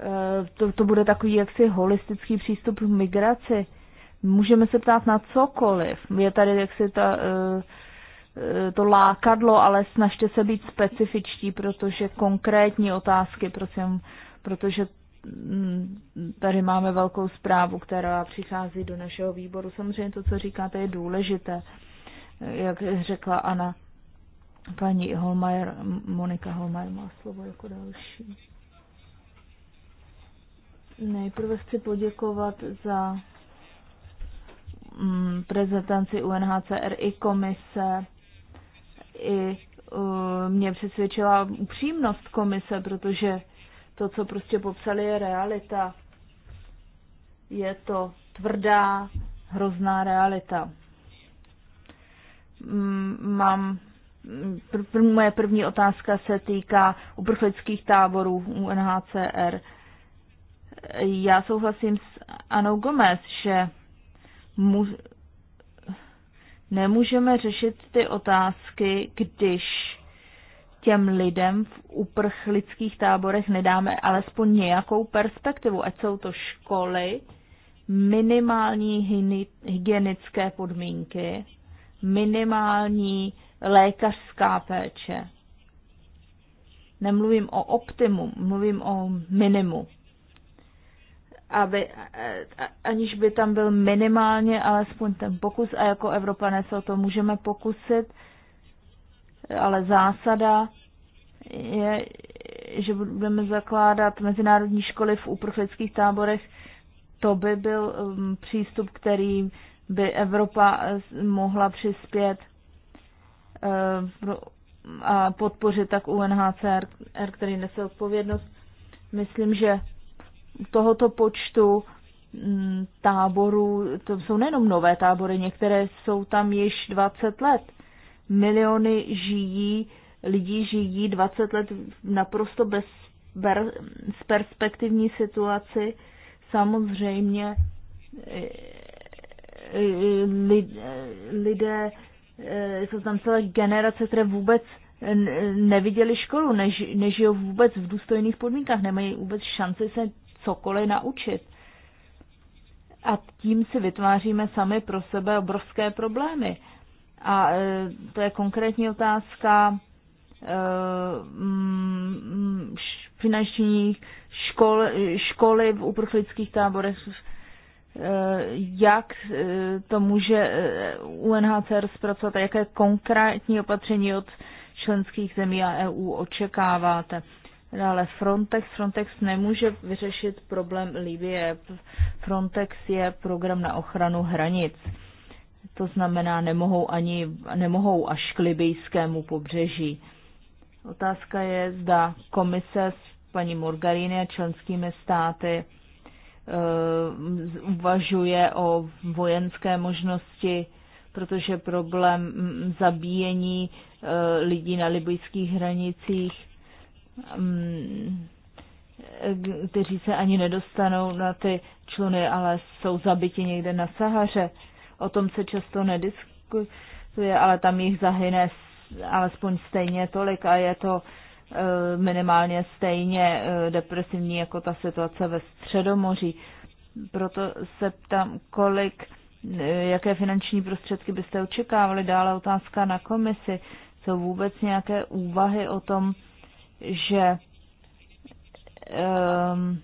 eh, to, to bude takový jaksi holistický přístup k migraci. Můžeme se ptát na cokoliv. Je tady jaksi ta, eh, to lákadlo, ale snažte se být specifičtí, protože konkrétní otázky, prosím, protože mm, tady máme velkou zprávu, která přichází do našeho výboru. Samozřejmě to, co říkáte, je důležité. Jak řekla Ana, paní Holmajer, Monika Holmajer má slovo jako další. Nejprve chci poděkovat za mm, prezentaci UNHCR i komise. I uh, mě přesvědčila upřímnost komise, protože to, co prostě popsali, je realita. Je to tvrdá, hrozná realita. Mm, mám pr- moje první otázka se týká uprchlických táborů UNHCR. Já souhlasím s Anou Gomez, že mu, nemůžeme řešit ty otázky, když těm lidem v uprchlických táborech nedáme alespoň nějakou perspektivu, ať jsou to školy, minimální hygienické podmínky, minimální lékařská péče. Nemluvím o optimum, mluvím o minimu. Aby, aniž by tam byl minimálně alespoň ten pokus, a jako Evropané se o to můžeme pokusit, ale zásada je, že budeme zakládat mezinárodní školy v uprchlických táborech. To by byl um, přístup, který by Evropa eh, mohla přispět eh, a podpořit tak UNHCR, který nese odpovědnost. Myslím, že tohoto počtu mm, táborů, to jsou nejenom nové tábory, některé jsou tam již 20 let. Miliony žijí, lidí žijí 20 let naprosto bez ber, z perspektivní situaci. Samozřejmě e, e, lidé, jsou e, tam celé generace, které vůbec neviděli školu, než, nežijou vůbec v důstojných podmínkách, nemají vůbec šanci se cokoliv naučit. A tím si vytváříme sami pro sebe obrovské problémy. A e, to je konkrétní otázka e, mm, finanční škol, školy v uprchlických táborech, e, jak to může UNHCR zpracovat a jaké konkrétní opatření od členských zemí a EU očekáváte. Dále Frontex. Frontex nemůže vyřešit problém Libie. Frontex je program na ochranu hranic to znamená, nemohou ani nemohou až k libijskému pobřeží. Otázka je, zda komise s paní Morgarini a členskými státy uh, uvažuje o vojenské možnosti, protože problém mm, zabíjení uh, lidí na libijských hranicích, um, kteří se ani nedostanou na ty čluny, ale jsou zabiti někde na Sahaře, o tom se často nediskutuje, ale tam jich zahyne alespoň stejně tolik a je to eh, minimálně stejně eh, depresivní jako ta situace ve Středomoří. Proto se ptám, kolik, eh, jaké finanční prostředky byste očekávali. Dále otázka na komisi. Jsou vůbec nějaké úvahy o tom, že um,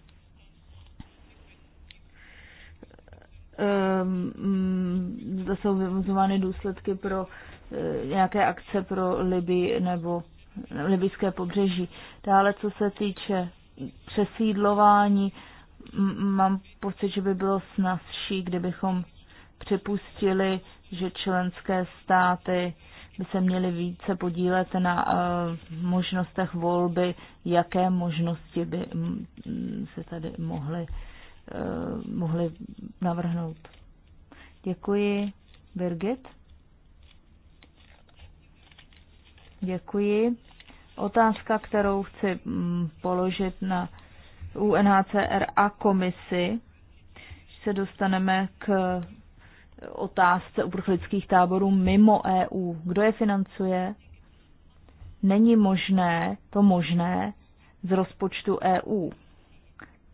zda ehm, mm, jsou vyvozovány důsledky pro eh, nějaké akce pro Liby nebo libyské pobřeží. Dále, co se týče přesídlování, mám pocit, že by bylo snazší, kdybychom připustili, že členské státy by se měly více podílet na eh, možnostech volby, jaké možnosti by mm, se tady mohly Eh, mohli navrhnout. Děkuji, Birgit. Děkuji. Otázka, kterou chci mm, položit na UNHCR a komisi, se dostaneme k otázce uprchlických táborů mimo EU. Kdo je financuje? Není možné to možné z rozpočtu EU.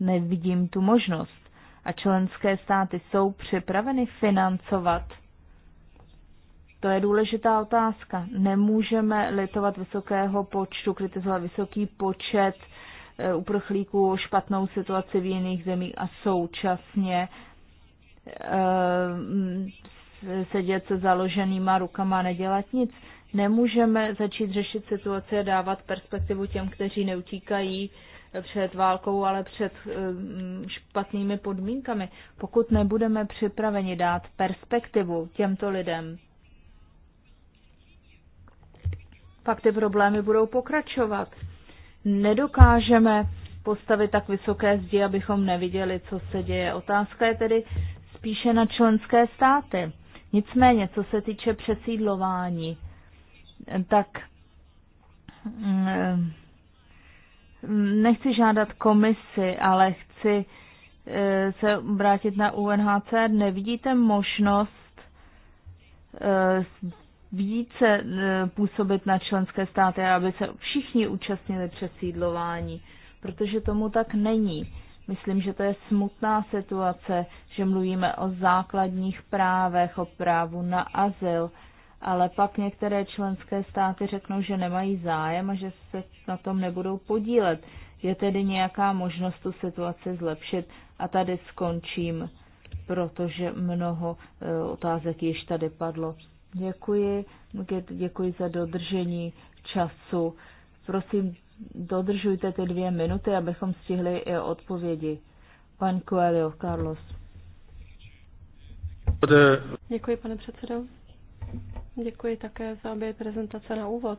Nevidím tu možnost. A členské státy jsou připraveny financovat? To je důležitá otázka. Nemůžeme litovat vysokého počtu, kritizovat vysoký počet eh, uprchlíků, špatnou situaci v jiných zemích a současně eh, sedět se založenýma rukama a nedělat nic. Nemůžeme začít řešit situace a dávat perspektivu těm, kteří neutíkají před válkou, ale před eh, špatnými podmínkami. Pokud nebudeme připraveni dát perspektivu těmto lidem, pak ty problémy budou pokračovat. Nedokážeme postavit tak vysoké zdi, abychom neviděli, co se děje. Otázka je tedy spíše na členské státy. Nicméně, co se týče přesídlování, tak mm, eh, nechci žádat komisi, ale chci eh, se obrátit na UNHCR. Nevidíte možnost eh, více eh, působit na členské státy, aby se všichni účastnili přesídlování, protože tomu tak není. Myslím, že to je smutná situace, že mluvíme o základních právech, o právu na azyl, ale pak některé členské státy řeknou, že nemají zájem a že se na tom nebudou podílet. Je tedy nějaká možnost tu situaci zlepšit a tady skončím, protože mnoho e, otázek již tady padlo. Děkuji, děkuji za dodržení času. Prosím, dodržujte ty dvě minuty, abychom stihli i odpovědi. Pan Coelho, Carlos. Děkuji, pane předsedo. Děkuji také za obě prezentace na úvod.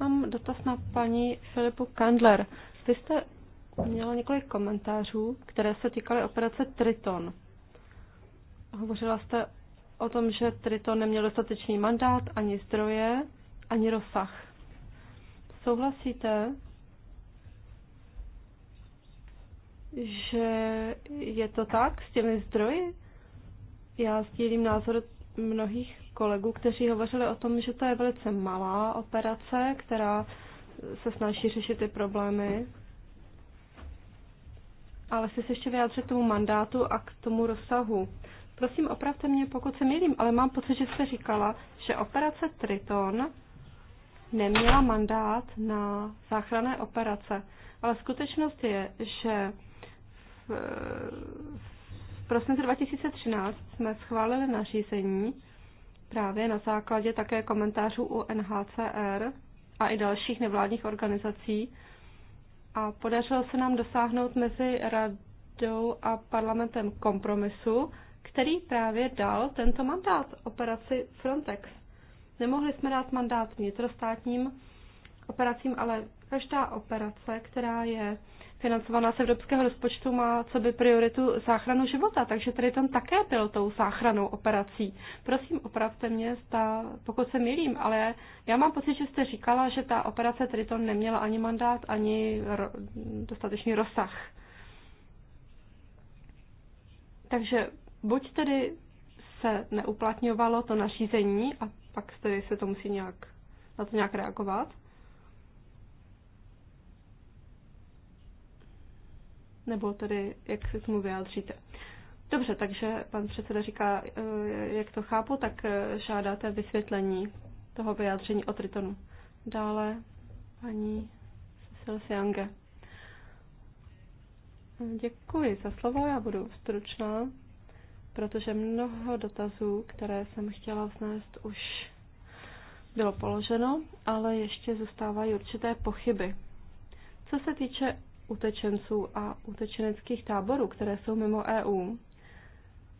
Mám dotaz na paní Filipu Kandler. Vy jste měla několik komentářů, které se týkaly operace Triton. Hovořila jste o tom, že Triton neměl dostatečný mandát, ani zdroje, ani rozsah. Souhlasíte, že je to tak s těmi zdroji? Já sdílím názor mnohých kolegů, kteří hovořili o tom, že to je velice malá operace, která se snaží řešit ty problémy. Ale chci se ještě vyjádřit tomu mandátu a k tomu rozsahu. Prosím, opravte mě, pokud se mýlím, ale mám pocit, že jste říkala, že operace Triton neměla mandát na záchranné operace. Ale skutečnost je, že v, v prosinci 2013 jsme schválili nařízení, právě na základě také komentářů UNHCR a i dalších nevládních organizací. A podařilo se nám dosáhnout mezi radou a parlamentem kompromisu, který právě dal tento mandát operaci Frontex. Nemohli jsme dát mandát vnitrostátním operacím, ale každá operace, která je financovaná z evropského rozpočtu, má co by prioritu záchranu života, takže tady tam také byl tou záchranou operací. Prosím, opravte mě, zda, pokud se milím, ale já mám pocit, že jste říkala, že ta operace Triton neměla ani mandát, ani ro, dostatečný rozsah. Takže buď tedy se neuplatňovalo to nařízení a pak tedy se to musí nějak na to nějak reagovat, Nebo tedy, jak se k tomu vyjádříte? Dobře, takže pan předseda říká, eh, jak to chápu, tak eh, žádáte vysvětlení toho vyjádření o Tritonu. Dále paní Cecil Siange. Děkuji za slovo, já budu stručná, protože mnoho dotazů, které jsem chtěla vznést, už bylo položeno, ale ještě zůstávají určité pochyby. Co se týče utečenců a utečeneckých táborů, které jsou mimo EU,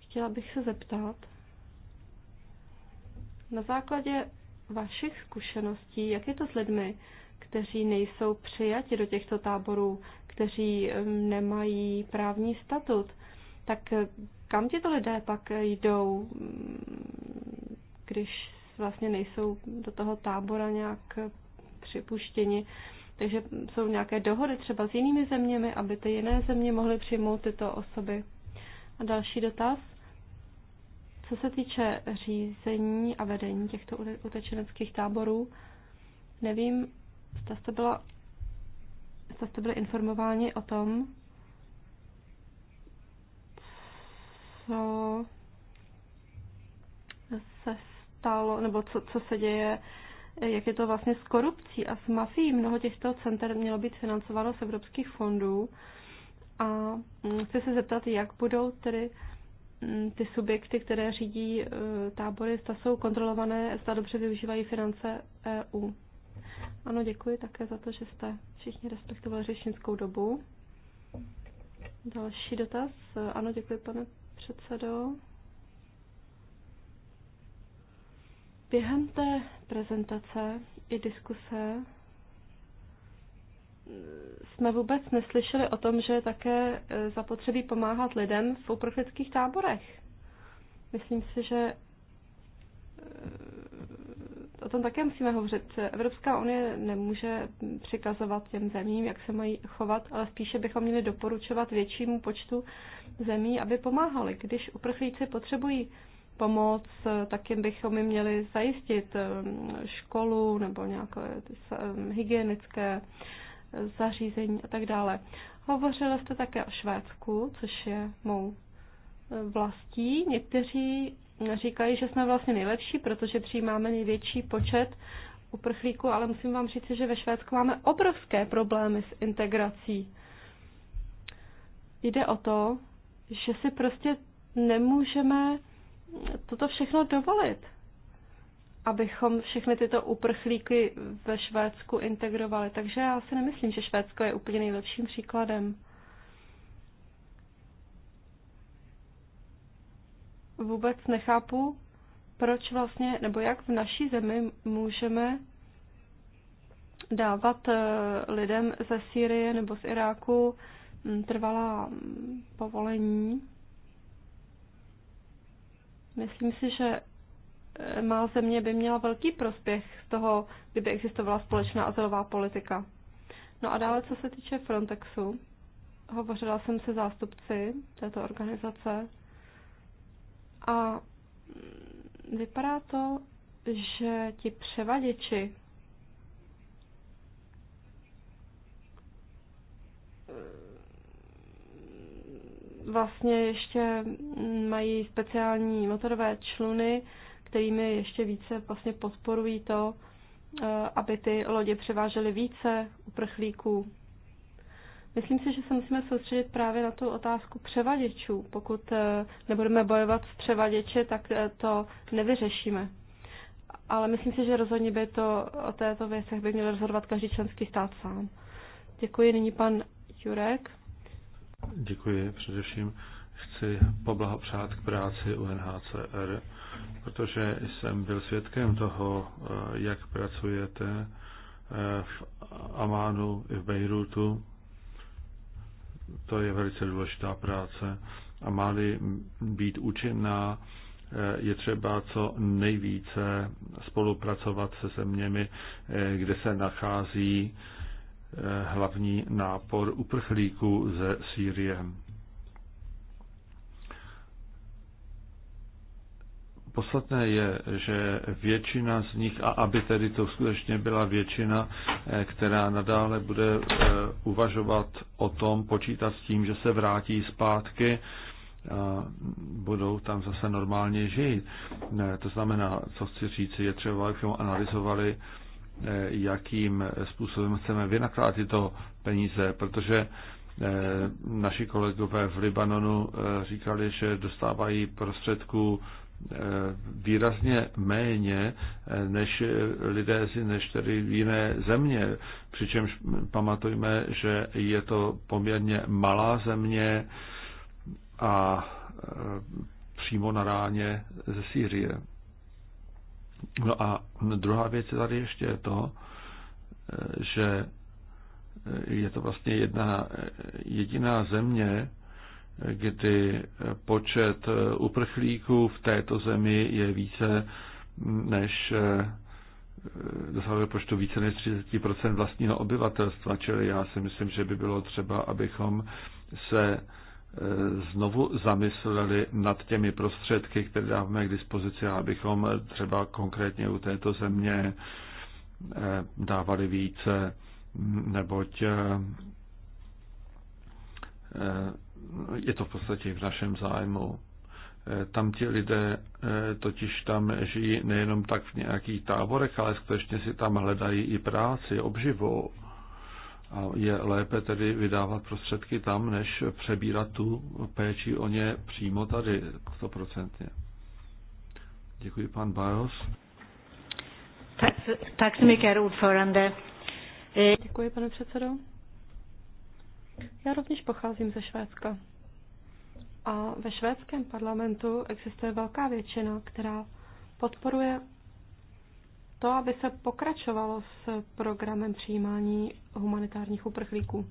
chtěla bych se zeptat, na základě vašich zkušeností, jak je to s lidmi, kteří nejsou přijati do těchto táborů, kteří nemají právní statut, tak eh, kam tyto lidé pak jdou, mm, když vlastně nejsou do toho tábora nějak eh, připuštěni? Takže jsou nějaké dohody třeba s jinými zeměmi, aby ty jiné země mohly přijmout tyto osoby. A další dotaz. Co se týče řízení a vedení těchto utečeneckých táborů, nevím, zda jste, byla, zda jste byli informováni o tom, co se stalo, nebo co, co se děje jak je to vlastně s korupcí a s mafií. Mnoho těchto center mělo být financováno z evropských fondů. A mm, chci se zeptat, jak budou tedy mm, ty subjekty, které řídí e, tábory, zda jsou kontrolované, zda dobře využívají finance EU. Ano, děkuji také za to, že jste všichni respektovali řečnickou dobu. Další dotaz. Ano, děkuji, pane předsedo. Během té prezentace i diskuse jsme vůbec neslyšeli o tom, že je také e, zapotřebí pomáhat lidem v uprchlických táborech. Myslím si, že e, o tom také musíme hovořit. Evropská unie nemůže přikazovat těm zemím, jak se mají chovat, ale spíše bychom měli doporučovat většímu počtu zemí, aby pomáhali. Když uprchlíci potřebují pomoc, eh, taky bychom jim měli zajistit eh, školu nebo nějaké eh, hygienické zařízení a tak dále. Hovořila jste také o Švédsku, což je mou vlastí. Někteří říkají, že jsme vlastně nejlepší, protože přijímáme největší počet uprchlíků, ale musím vám říct, že ve Švédsku máme obrovské problémy s integrací. Jde o to, že si prostě nemůžeme toto všechno dovolit, abychom všechny tyto uprchlíky ve Švédsku integrovali. Takže já si nemyslím, že Švédsko je úplně nejlepším příkladem. Vůbec nechápu, proč vlastně, nebo jak v naší zemi můžeme dávat eh, lidem ze Sýrie nebo z Iráku mm, trvalá mm, povolení. Myslím si, že eh, má země by měla velký prospěch z toho, kdyby existovala společná azylová politika. No a dále, co se týče Frontexu, hovořila jsem se zástupci této organizace a vypadá to, že ti převaděči eh, vlastně ještě mají speciální motorové čluny, kterými ještě více vlastně podporují to, eh, aby ty lodě převážely více uprchlíků. Myslím si, že se musíme soustředit právě na tu otázku převaděčů. Pokud eh, nebudeme bojovat s převaděči, tak eh, to nevyřešíme. Ale myslím si, že rozhodně by to o této věcech by měl rozhodovat každý členský stát sám. Děkuji nyní pan Jurek. Děkuji především. Chci poblahopřát k práci UNHCR, protože jsem byl svědkem toho, eh, jak pracujete eh, v Amánu i v Bejrutu. To je velice důležitá práce. A má být účinná, eh, je třeba co nejvíce spolupracovat se zeměmi, kde se nachází hlavní nápor uprchlíků ze Sýrie. Podstatné je, že většina z nich, a aby tedy to skutečně byla většina, eh, která nadále bude eh, uvažovat o tom, počítat s tím, že se vrátí zpátky, a budou tam zase normálně žít. Ne, to znamená, co chci říct, je třeba, abychom analyzovali Eh, jakým způsobem chceme vynakládat tyto peníze, protože eh, naši kolegové v Libanonu eh, říkali, že dostávají prostředků výrazně méně než lidé než tedy jiné země. Přičemž pamatujme, že je to poměrně malá země a přímo na ráně ze Sýrie. No a druhá věc je tady ještě je to, eh, že eh, je to vlastně jedna eh, jediná země, kdy počet uprchlíků v této zemi je více mm, než dosahuje počtu více než 30 vlastního obyvatelstva, čili já si myslím, že by bylo třeba, abychom se znovu zamysleli nad těmi prostředky, které dáváme k dispozici, abychom třeba konkrétně u této země eh, dávali více, neboť eh, eh, je to v podstatě v našem zájmu. Tam ti lidé totiž tam žijí nejenom tak v nějakých táborech, ale skutečně si tam hledají i práci, obživu. A je lépe tedy vydávat prostředky tam, než přebírat tu péči o ně přímo tady, stoprocentně. Děkuji, pan Bajos. Tak, tak se mi e- Děkuji, pane předsedo. Já rovněž pocházím ze Švédska. A ve švédském parlamentu existuje velká většina, která podporuje to, aby se pokračovalo s programem přijímání humanitárních uprchlíků.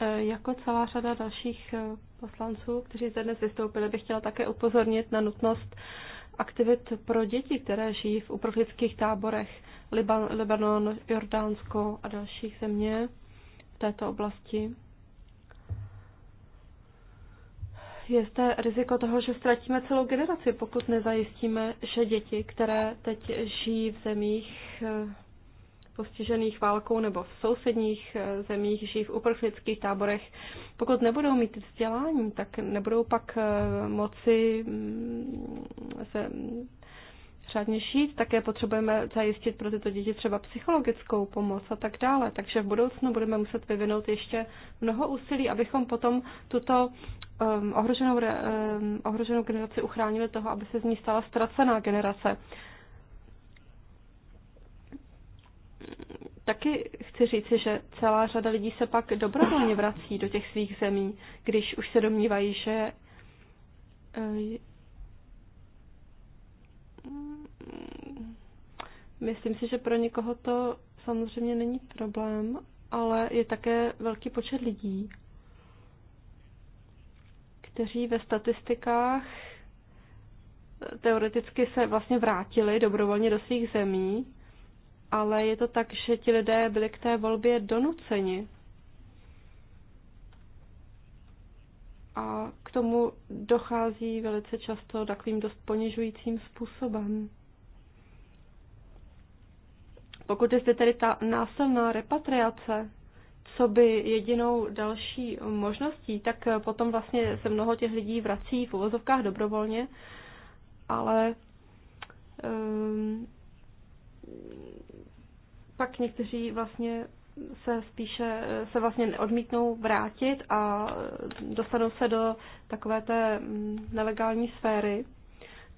E, jako celá řada dalších e, poslanců, kteří zde dnes vystoupili, bych chtěla také upozornit na nutnost aktivit pro děti, které žijí v uprchlických táborech Liban, Libanon, Jordánsko a dalších země v této oblasti. je zde riziko toho, že ztratíme celou generaci, pokud nezajistíme, že děti, které teď žijí v zemích eh, postižených válkou nebo v sousedních eh, zemích, žijí v uprchlických táborech, pokud nebudou mít vzdělání, tak nebudou pak eh, moci mm, se řádně žít, také potřebujeme zajistit pro tyto děti třeba psychologickou pomoc a tak dále. Takže v budoucnu budeme muset vyvinout ještě mnoho úsilí, abychom potom tuto um, ohroženou, um, ohroženou generaci uchránili toho, aby se z ní stala ztracená generace. Taky chci říci, že celá řada lidí se pak dobrovolně vrací do těch svých zemí, když už se domnívají, že eh, myslím si, že pro někoho to samozřejmě není problém, ale je také velký počet lidí, kteří ve statistikách teoreticky se vlastně vrátili dobrovolně do svých zemí, ale je to tak, že ti lidé byli k té volbě donuceni. a k tomu dochází velice často takovým dost ponižujícím způsobem. Pokud je zde tedy ta násilná repatriace, co by jedinou další možností, tak potom vlastně se mnoho těch lidí vrací v uvozovkách dobrovolně, ale um, pak někteří vlastně se spíše eh, se vlastně odmítnou vrátit a eh, dostanou se do takové té mm, nelegální sféry,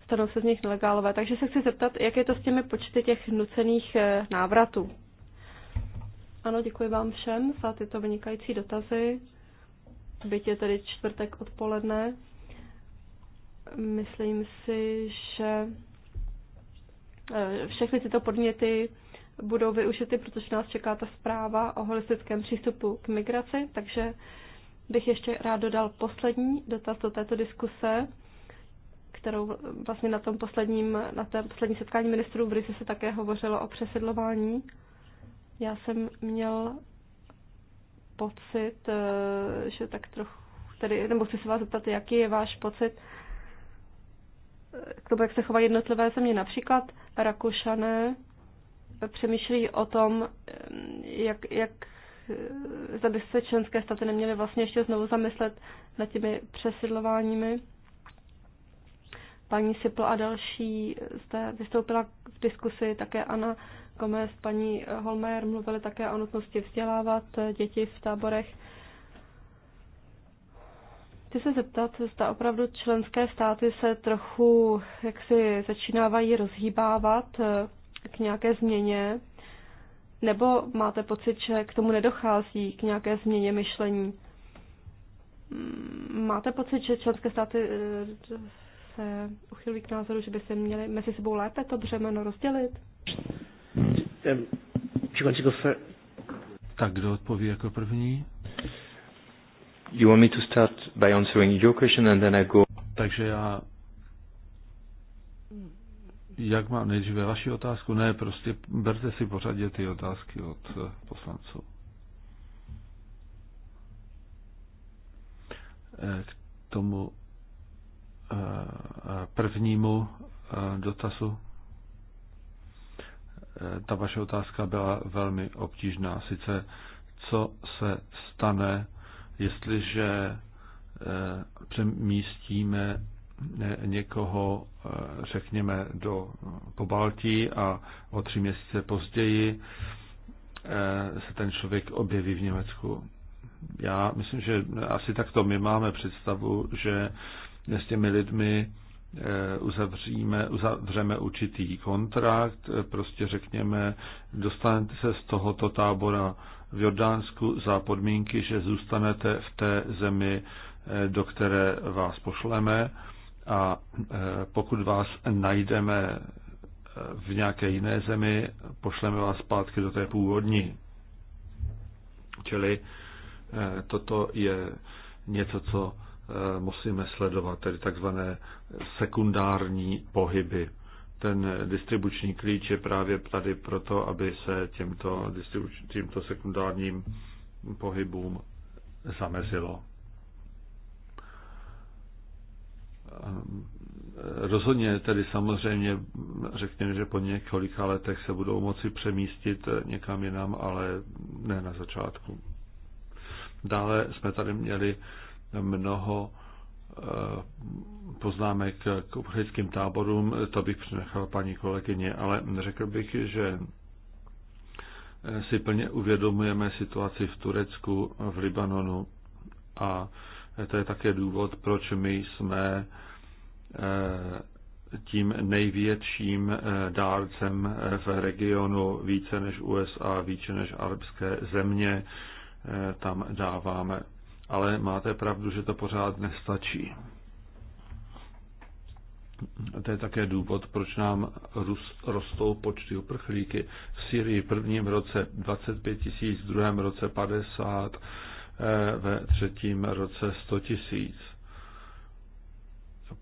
stanou se z nich nelegálové. Takže se chci zeptat, jak je to s těmi počty těch nucených eh, návratů. Ano, děkuji vám všem za tyto vynikající dotazy. Byť je tedy čtvrtek odpoledne. Myslím si, že všechny tyto podměty budou využity, protože nás čeká ta zpráva o holistickém přístupu k migraci, takže bych ještě rád dodal poslední dotaz do této diskuse, kterou vlastně na tom posledním, na tom poslední setkání ministrů v Rysi se také hovořilo o přesedlování. Já jsem měl pocit, eh, že tak trochu, tedy, nebo chci se vás zeptat, jaký je váš pocit eh, k tomu, jak se chovají jednotlivé země, například Rakušané, přemýšlí o tom, eh, jak, jak eh, zda by se členské státy neměly vlastně ještě znovu zamyslet nad těmi přesidlováními. Paní Sipl a další zde vystoupila v diskusi, také Anna Gomez, paní Holmer mluvili také o nutnosti vzdělávat eh, děti v táborech. Chci se zeptat, zda opravdu členské státy se trochu jaksi začínávají rozhýbávat k nějaké změně, nebo máte pocit, že k tomu nedochází, k nějaké změně myšlení? Mm, máte pocit, že členské státy eh, se uchylují k názoru, že by se měli mezi sebou lépe to břemeno rozdělit? Tak kdo odpoví jako první? You want me to start by answering your question and then I go... Takže já jak mám nejdříve vaši otázku? Ne, prostě berte si pořadě ty otázky od eh, poslanců. Eh, k tomu eh, prvnímu dotazu. Ta vaše otázka byla velmi obtížná. Sice, co se stane, jestliže přemístíme někoho, eh, řekněme, do Pobaltí a o tři měsíce později eh, se ten člověk objeví v Německu. Já myslím, že asi takto my máme představu, že s těmi lidmi eh, uzavříme, uzavřeme určitý kontrakt, prostě řekněme, dostanete se z tohoto tábora v Jordánsku za podmínky, že zůstanete v té zemi, do které vás pošleme a e, pokud vás najdeme e, v nějaké jiné zemi, pošleme vás zpátky do té původní. Čili e, toto je něco, co musíme sledovat, tedy takzvané sekundární pohyby. Ten distribuční klíč je právě tady proto, aby se těmto, tímto sekundárním pohybům zamezilo. Ehm, rozhodně tedy samozřejmě řekněme, že po několika letech se budou moci přemístit eh, někam jinam, ale ne na začátku. Dále jsme tady měli mnoho eh, poznámek k uprchlickým táborům, to bych přinechal paní kolegyně, ale řekl bych, že eh, si plně uvědomujeme situaci v Turecku, v Libanonu a to je také důvod, proč my jsme eh, tím největším eh, dárcem eh, v regionu více než USA, více než arabské země tam dáváme. Ale máte pravdu, že to pořád nestačí. To je také důvod, proč nám rostou počty uprchlíky. V Syrii v prvním roce 25 tisíc, v druhém roce 50, Eh, ve třetím roce 100 tisíc.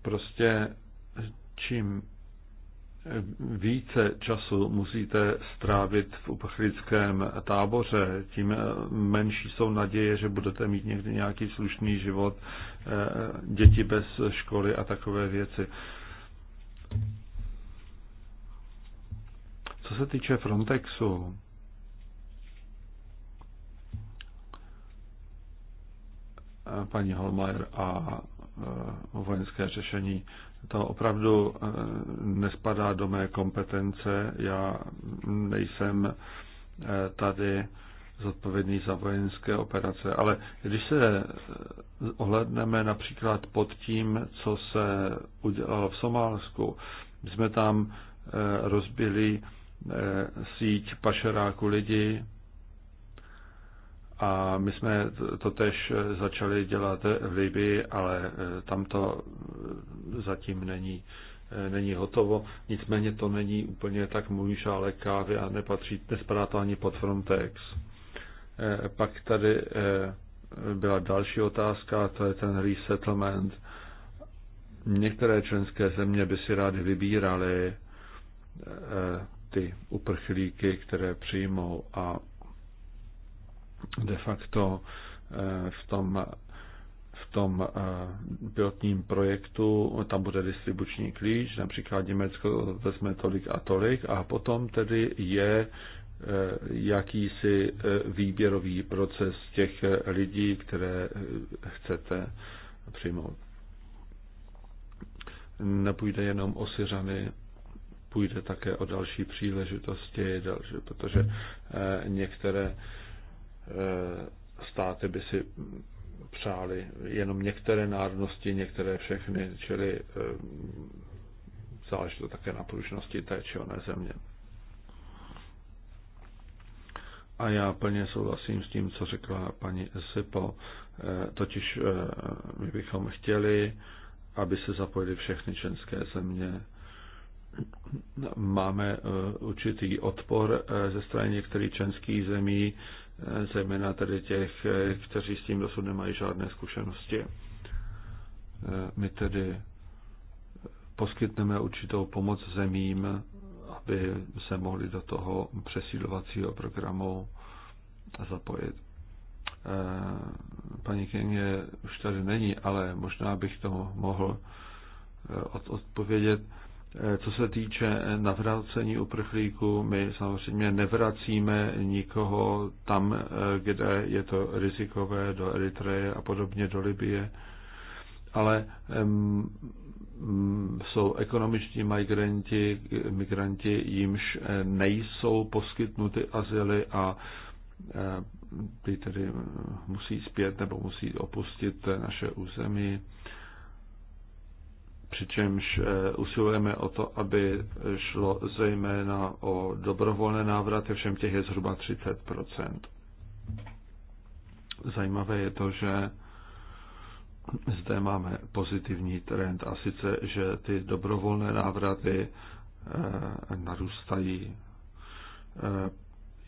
Prostě čím více času musíte strávit v uprchlickém táboře, tím eh, menší jsou naděje, že budete mít někdy nějaký slušný život, eh, děti bez školy a takové věci. Co se týče Frontexu, paní Holmeier a eh, vojenské řešení. To opravdu eh, nespadá do mé kompetence. Já nejsem eh, tady zodpovědný za vojenské operace, ale když se ohledneme například pod tím, co se udělalo v Somálsku, my jsme tam rozbili síť pašeráku lidí, a my jsme to tež začali dělat v Libii, ale e, tam to e, zatím není, e, není hotovo. Nicméně to není úplně tak můj šálek kávy a nepatří, nespadá to ani pod Frontex. Pak tady byla další otázka, to je ten resettlement. Některé členské země by si rády vybíraly ty uprchlíky, které přijmou a de facto eh, v tom, v tom eh, pilotním projektu, tam bude distribuční klíč, například Německo vezme tolik a tolik a potom tedy je eh, jakýsi výběrový proces těch lidí, které chcete přijmout. Nepůjde jenom o Syřany, půjde také o další příležitosti, další, protože některé Eh, státy by si přáli jenom některé národnosti, některé všechny, čili eh, záleží to také na pružnosti té či oné země. A já plně souhlasím s tím, co řekla paní Sipo. Eh, totiž my bychom chtěli, aby se zapojily všechny členské země. Máme určitý odpor ze strany některých členských zemí Eh, zejména tedy těch, eh, kteří s tím dosud nemají žádné zkušenosti. Eh, my tedy poskytneme určitou pomoc zemím, aby se mohli do toho přesídlovacího programu zapojit. Paní Kenge už tady není, ale možná bych to mohl odpovědět Eh, co se týče eh, navrácení uprchlíků, my samozřejmě nevracíme nikoho tam, eh, kde je to rizikové, do Eritreje a podobně do Libie, ale um, jsou ekonomičtí migranti, migranti, jimž nejsou poskytnuty azyly a ty tedy mm, musí zpět nebo musí opustit naše území přičemž eh, usilujeme o to, aby šlo zejména o dobrovolné návraty, všem těch je zhruba 30 Zajímavé je to, že zde máme pozitivní trend a sice, že ty dobrovolné návraty eh, narůstají. Eh,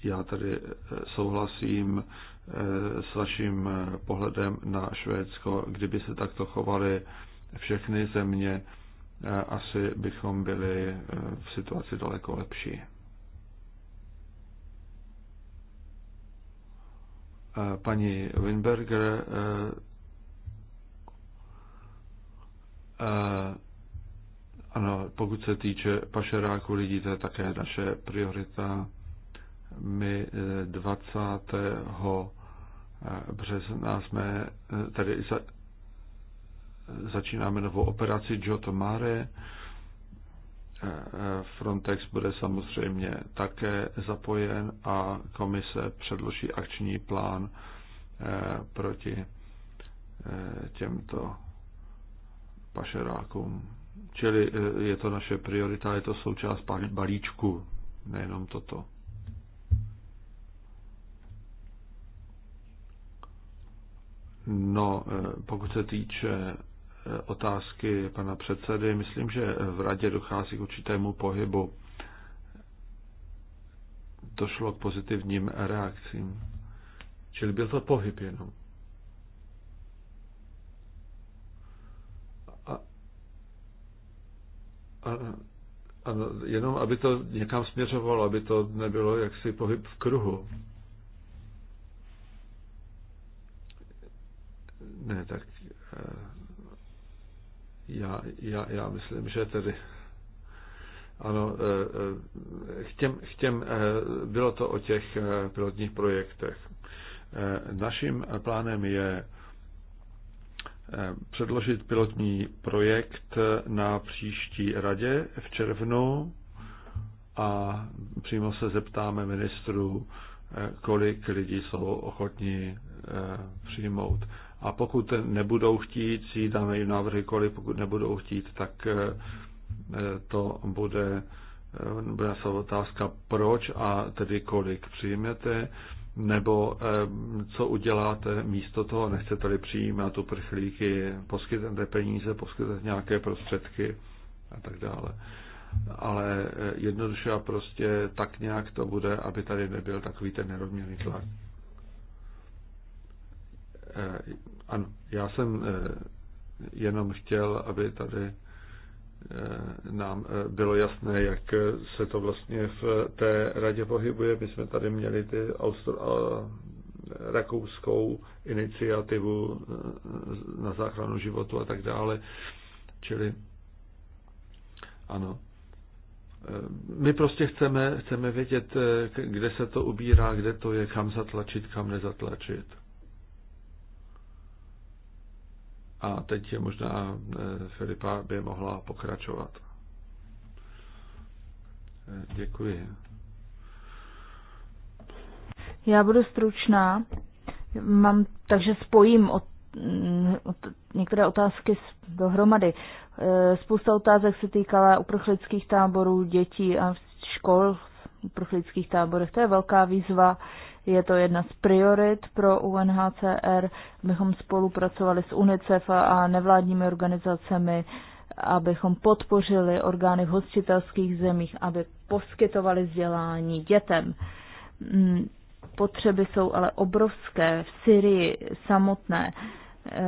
já tady souhlasím s vaším pohledem na Švédsko, kdyby se takto chovali všechny země, eh, asi bychom byli eh, v situaci daleko lepší. Eh, paní Winberger ano, pokud se týče pašeráku lidí, to je také naše priorita. My 20. března jsme, tedy začínáme novou operaci Giotto Mare. Frontex bude samozřejmě také zapojen a komise předloží akční plán eh, proti eh, těmto pašerákům. Čili eh, je to naše priorita, je to součást balíčku, nejenom toto. No, pokud se týče otázky pana předsedy. Myslím, že v radě dochází k určitému pohybu. Došlo k pozitivním reakcím. Čili byl to pohyb jenom. A, a, a jenom, aby to někam směřovalo, aby to nebylo jaksi pohyb v kruhu. Ne, tak eh, já, já, já myslím, že tedy ano, k těm, k těm, bylo to o těch eh, pilotních projektech. Eh, naším plánem je eh, předložit pilotní projekt na příští radě v červnu a přímo se zeptáme ministru, kolik lidí jsou ochotní přijmout a pokud nebudou chtít, si dáme jim návrhy kolik, pokud nebudou chtít, tak eh, to bude, eh, bude se otázka proč a tedy kolik přijmete, nebo eh, co uděláte místo toho, nechcete-li přijímat uprchlíky, poskytnete peníze, poskytnete nějaké prostředky a tak dále. Ale jednoduše a prostě tak nějak to bude, aby tady nebyl takový ten nerovměrný tlak. Eh, ano, já jsem eh, jenom chtěl, aby tady eh, nám bylo jasné, jak se to vlastně v té radě pohybuje. My jsme tady měli ty austro- rakouskou iniciativu na záchranu životu a tak dále. Čili ano. My prostě chceme, chceme vědět, kde se to ubírá, kde to je, kam zatlačit, kam nezatlačit. A teď je možná eh, Filipa by mohla pokračovat. Eh, děkuji. Já budu stručná. Mám, takže spojím od, od, některé otázky dohromady. Eh, spousta otázek se týkala uprchlických táborů, dětí a škol v uprchlických táborech. To je velká výzva. Je to jedna z priorit pro UNHCR, bychom spolupracovali s UNICEF a nevládními organizacemi, abychom podpořili orgány v hostitelských zemích, aby poskytovali vzdělání dětem. Mm, potřeby jsou ale obrovské v Syrii samotné. Eh,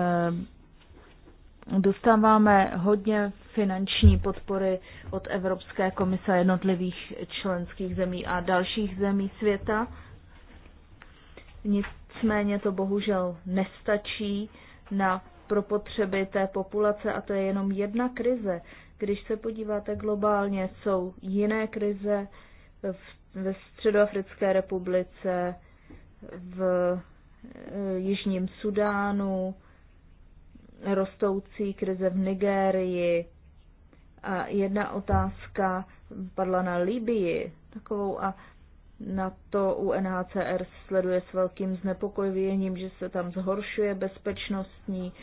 dostáváme hodně finanční podpory od Evropské komise jednotlivých členských zemí a dalších zemí světa Nicméně to bohužel nestačí na pro potřeby té populace a to je jenom jedna krize. Když se podíváte globálně, jsou jiné krize v, ve Středoafrické republice, v e, Jižním Sudánu, rostoucí krize v Nigérii. A jedna otázka padla na Libii, takovou a na to UNHCR sleduje s velkým znepokojením, že se tam zhoršuje bezpečnostní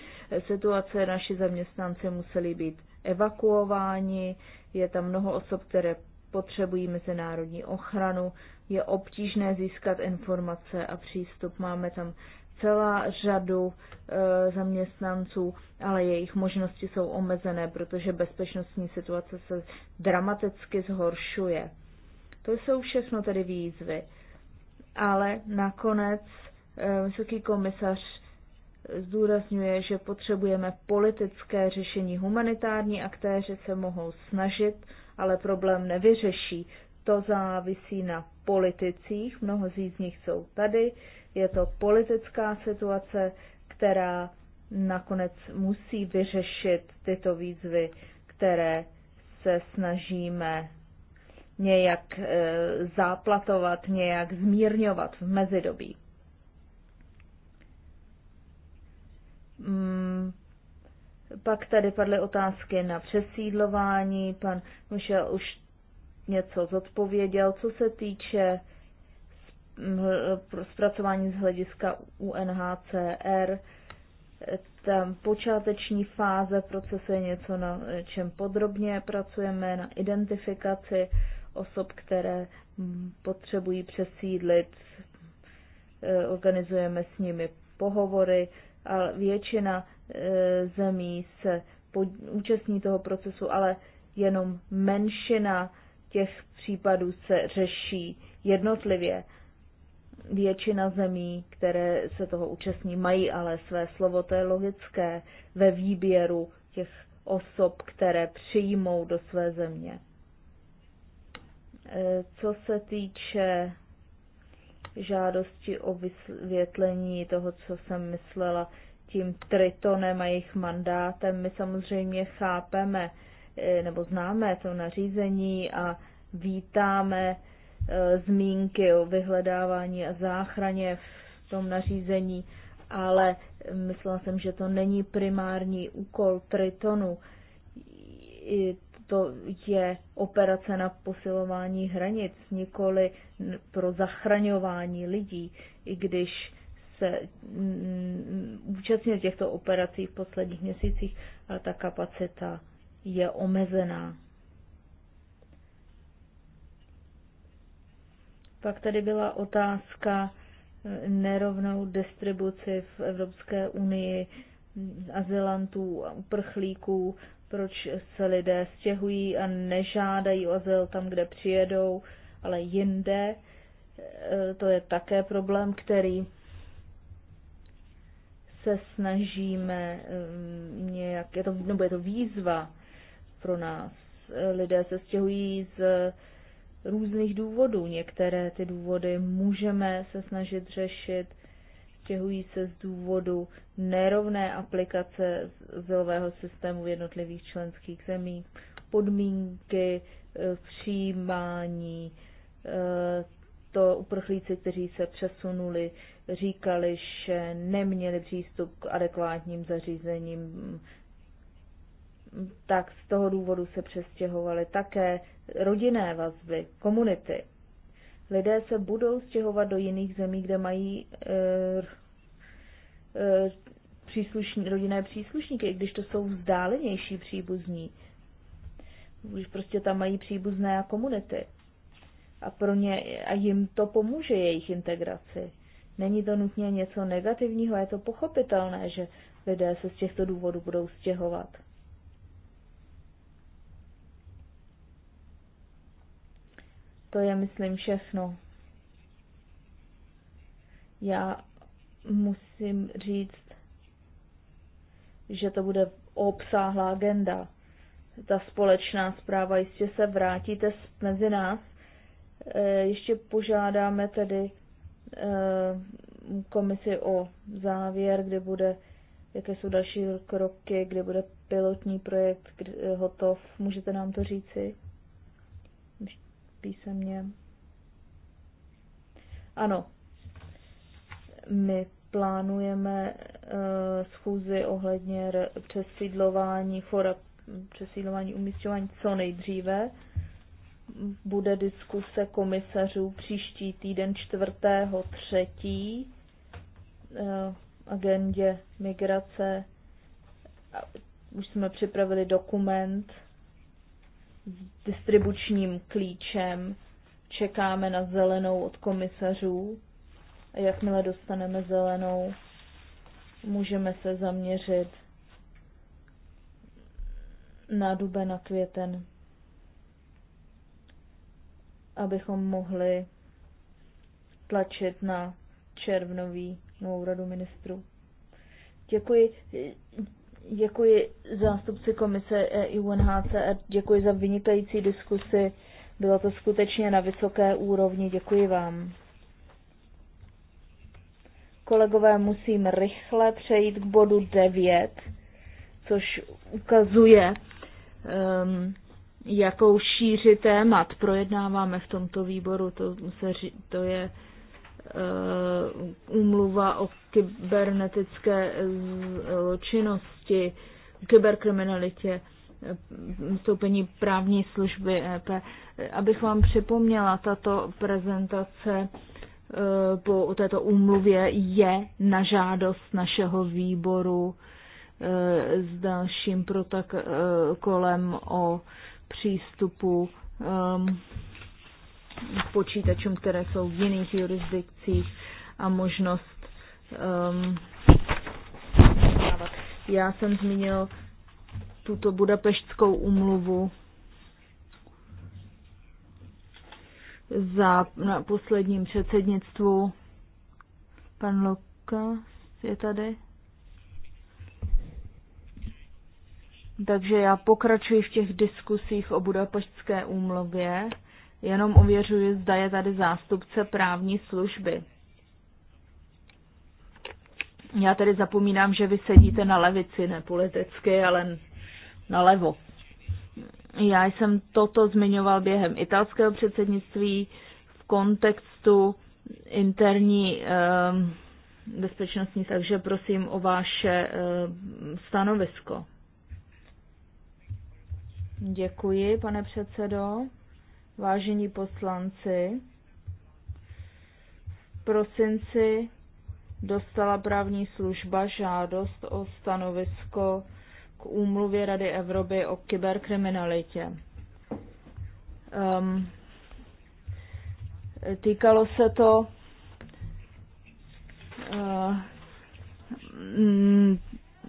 situace. Naši zaměstnanci museli být evakuováni, je tam mnoho osob, které potřebují mezinárodní ochranu, je obtížné získat informace a přístup. Máme tam celá řadu e, zaměstnanců, ale jejich možnosti jsou omezené, protože bezpečnostní situace se dramaticky zhoršuje. To jsou všechno tedy výzvy. Ale nakonec eh, vysoký komisař zdůrazňuje, že potřebujeme politické řešení. Humanitární aktéři se mohou snažit, ale problém nevyřeší. To závisí na politicích, mnoho z nich jsou tady. Je to politická situace, která nakonec musí vyřešit tyto výzvy, které se snažíme nějak eh, záplatovat, nějak zmírňovat v mezidobí. Mm, pak tady padly otázky na přesídlování, pan Michel už něco zodpověděl, co se týče zpracování z hlediska UNHCR. Ta počáteční fáze procesu je něco, na čem podrobně pracujeme, na identifikaci osob, které mm, potřebují přesídlit, e, organizujeme s nimi pohovory, ale většina e, zemí se účastní toho procesu, ale jenom menšina těch případů se řeší jednotlivě. Většina zemí, které se toho účastní, mají ale své slovo, to je logické, ve výběru těch osob, které přijmou do své země. Eh, co se týče žádosti o vysvětlení toho, co jsem myslela tím tritonem a jejich mandátem, my samozřejmě chápeme eh, nebo známe to nařízení a vítáme eh, zmínky o vyhledávání a záchraně v tom nařízení, ale myslela jsem, že to není primární úkol Tritonu to je operace na posilování hranic, nikoli pro zachraňování lidí, i když se mm, účastnil těchto operací v posledních měsících, ale ta kapacita je omezená. Pak tady byla otázka eh, nerovnou distribuci v Evropské unii mm, azylantů a uprchlíků proč se lidé stěhují a nežádají o azyl tam, kde přijedou, ale jinde. E, to je také problém, který se snažíme mm, nějak, je to, nebo je to výzva pro nás. E, lidé se stěhují z různých důvodů. Některé ty důvody můžeme se snažit řešit, stěhují se z důvodu nerovné aplikace zilového systému v jednotlivých členských zemí, podmínky e, přijímání, e, to uprchlíci, kteří se přesunuli, říkali, že neměli přístup k adekvátním zařízením, tak z toho důvodu se přestěhovali také rodinné vazby, komunity. Lidé se budou stěhovat do jiných zemí, kde mají e, e, příslušní, rodinné příslušníky, i když to jsou vzdálenější příbuzní. Už prostě tam mají příbuzné a komunity. A, pro ně, a jim to pomůže jejich integraci. Není to nutně něco negativního, je to pochopitelné, že lidé se z těchto důvodů budou stěhovat. To je, myslím, všechno. Já musím říct, že to bude obsáhlá agenda. Ta společná zpráva jistě se vrátíte mezi nás. E, ještě požádáme tedy e, komisi o závěr, kde bude, jaké jsou další kroky, kde bude pilotní projekt e, hotov. Můžete nám to říci? písemně. Ano, my plánujeme uh, schůzi ohledně přesídlování, fora přesídlování, umístěvání co nejdříve. Bude diskuse komisařů příští týden 4.3. Uh, eh, agendě migrace. Už jsme připravili dokument, distribučním klíčem. Čekáme na zelenou od komisařů. Jakmile dostaneme zelenou, můžeme se zaměřit na dube, na květen, abychom mohli tlačit na červnový novou radu ministrů. Děkuji. Děkuji zástupci komise e UNHCR, děkuji za vynikající diskusi. Bylo to skutečně na vysoké úrovni. Děkuji vám. Kolegové, musím rychle přejít k bodu 9, což ukazuje, um, jakou šíři témat projednáváme v tomto výboru. To, se, to je Eh, úmluva o kybernetické eh, činnosti, kyberkriminalitě, eh, stoupení právní služby EP. Abych vám připomněla, tato prezentace po této úmluvě je na žádost našeho výboru s dalším protokolem o přístupu ehm, počítačům, které jsou v jiných jurisdikcích a možnost um, Já jsem zmínil tuto budapeštskou umluvu za, na posledním předsednictvu. Pan Loka je tady. Takže já pokračuji v těch diskusích o budapeštské úmluvě. Jenom ověřuji, zda je tady zástupce právní služby. Já tedy zapomínám, že vy sedíte na levici, ne politicky, ale na levo. Já jsem toto zmiňoval během italského předsednictví v kontextu interní um, bezpečnostní, takže prosím o vaše um, stanovisko. Děkuji, pane předsedo. Vážení poslanci, v prosinci dostala právní služba žádost o stanovisko k úmluvě Rady Evropy o kyberkriminalitě. Um, týkalo se to uh,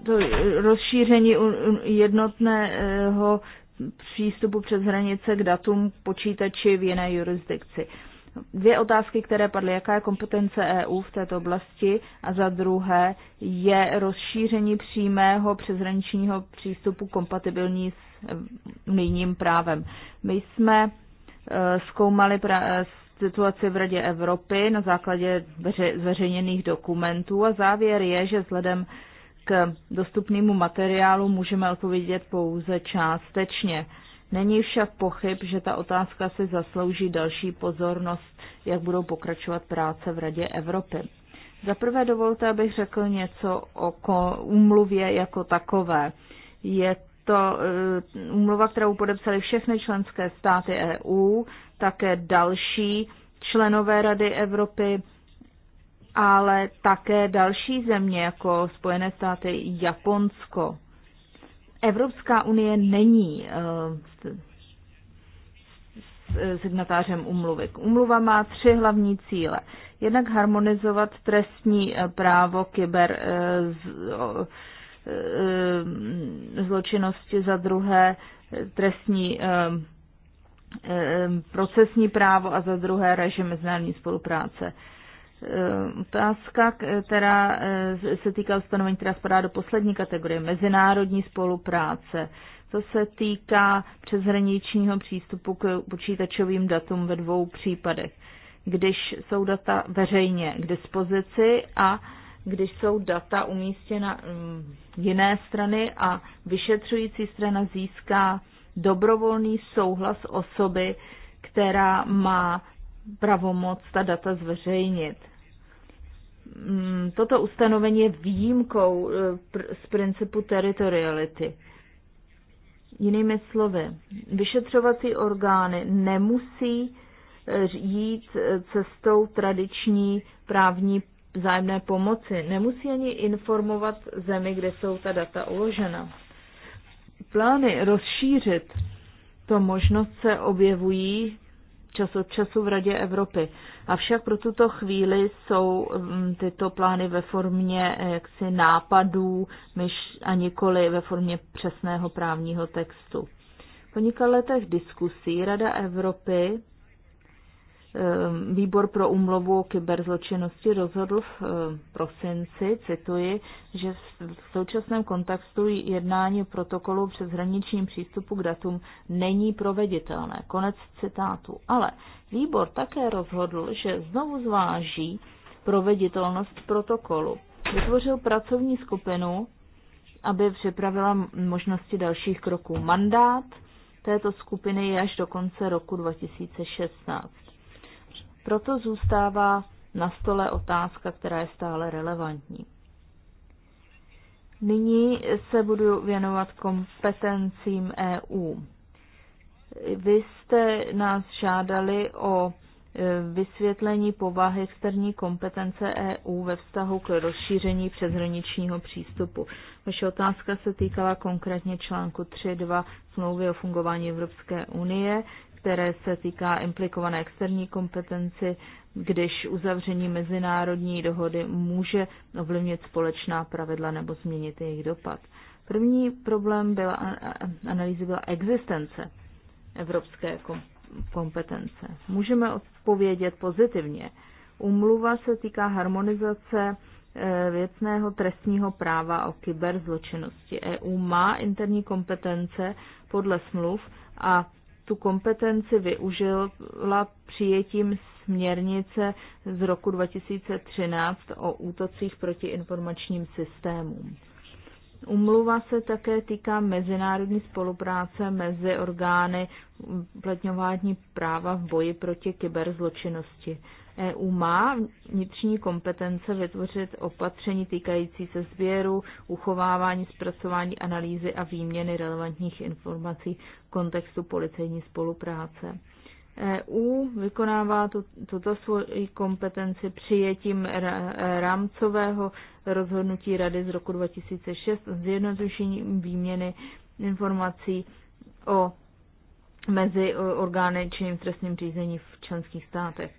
to rozšíření jednotného přístupu přes hranice k datům počítači v jiné jurisdikci. Dvě otázky, které padly. Jaká je kompetence EU v této oblasti? A za druhé, je rozšíření přímého přeshraničního přístupu kompatibilní s eh, unijním právem? My jsme eh, zkoumali eh, situaci v Radě Evropy na základě zveřejněných dokumentů a závěr je, že vzhledem k dostupnému materiálu můžeme odpovědět pouze částečně. Není však pochyb, že ta otázka si zaslouží další pozornost, jak budou pokračovat práce v Radě Evropy. Za prvé dovolte, abych řekl něco o úmluvě jako takové. Je to eh, úmluva, kterou podepsali všechny členské státy EU, také další členové Rady Evropy, ale také další země jako Spojené státy, Japonsko. Evropská unie není eh, signatářem umluvy. Umluva má tři hlavní cíle. Jednak harmonizovat trestní eh, právo kyber eh, zločinnosti, za druhé trestní procesní právo a za druhé režim mezinárodní spolupráce. Eh, otázka, která eh, se týká ustanovení, která spadá do poslední kategorie, mezinárodní spolupráce. To se týká přeshraničního přístupu k počítačovým datům ve dvou případech. Když jsou data veřejně k dispozici a když jsou data umístěna mm, jiné strany a vyšetřující strana získá dobrovolný souhlas osoby, která má pravomoc ta data zveřejnit. Mm, toto ustanovení je výjimkou eh, z principu teritoriality. Jinými slovy, vyšetřovací orgány nemusí eh, jít eh, cestou tradiční právní zájemné pomoci. Nemusí ani informovat zemi, kde jsou ta data uložena. Plány rozšířit to možnost se objevují čas od času v Radě Evropy. Avšak pro tuto chvíli jsou mm, tyto plány ve formě eh, jaksi nápadů myš a nikoli ve formě přesného právního textu. Po několika letech diskusí Rada Evropy Ehm, výbor pro úmluvu o kyberzločinnosti rozhodl v ehm, prosinci, cituji, že v současném kontextu jednání protokolu přes hraničním přístupu k datům není proveditelné. Konec citátu. Ale výbor také rozhodl, že znovu zváží proveditelnost protokolu. Vytvořil pracovní skupinu, aby připravila možnosti dalších kroků. Mandát této skupiny je až do konce roku 2016. Proto zůstává na stole otázka, která je stále relevantní. Nyní se budu věnovat kompetencím EU. Vy jste nás žádali o e, vysvětlení povahy externí kompetence EU ve vztahu k rozšíření přeshraničního přístupu. Vaše otázka se týkala konkrétně článku 3.2 smlouvy o fungování Evropské unie, které se týká implikované externí kompetenci, když uzavření mezinárodní dohody může ovlivnit společná pravidla nebo změnit jejich dopad. První problém byla, analýzy byla existence evropské kompetence. Můžeme odpovědět pozitivně. Umluva se týká harmonizace e, věcného trestního práva o kyberzločinnosti. EU má interní kompetence podle smluv a tu kompetenci využila přijetím směrnice z roku 2013 o útocích proti informačním systémům. Umluva se také týká mezinárodní spolupráce mezi orgány uplatňování práva v boji proti kyberzločinnosti. EU má vnitřní kompetence vytvořit opatření týkající se sběru, uchovávání, zpracování, analýzy a výměny relevantních informací v kontextu policejní spolupráce. EU vykonává tu, tuto svoji kompetenci přijetím rámcového rozhodnutí Rady z roku 2006 o zjednodušení výměny informací o mezi orgány činným trestním řízení v členských státech.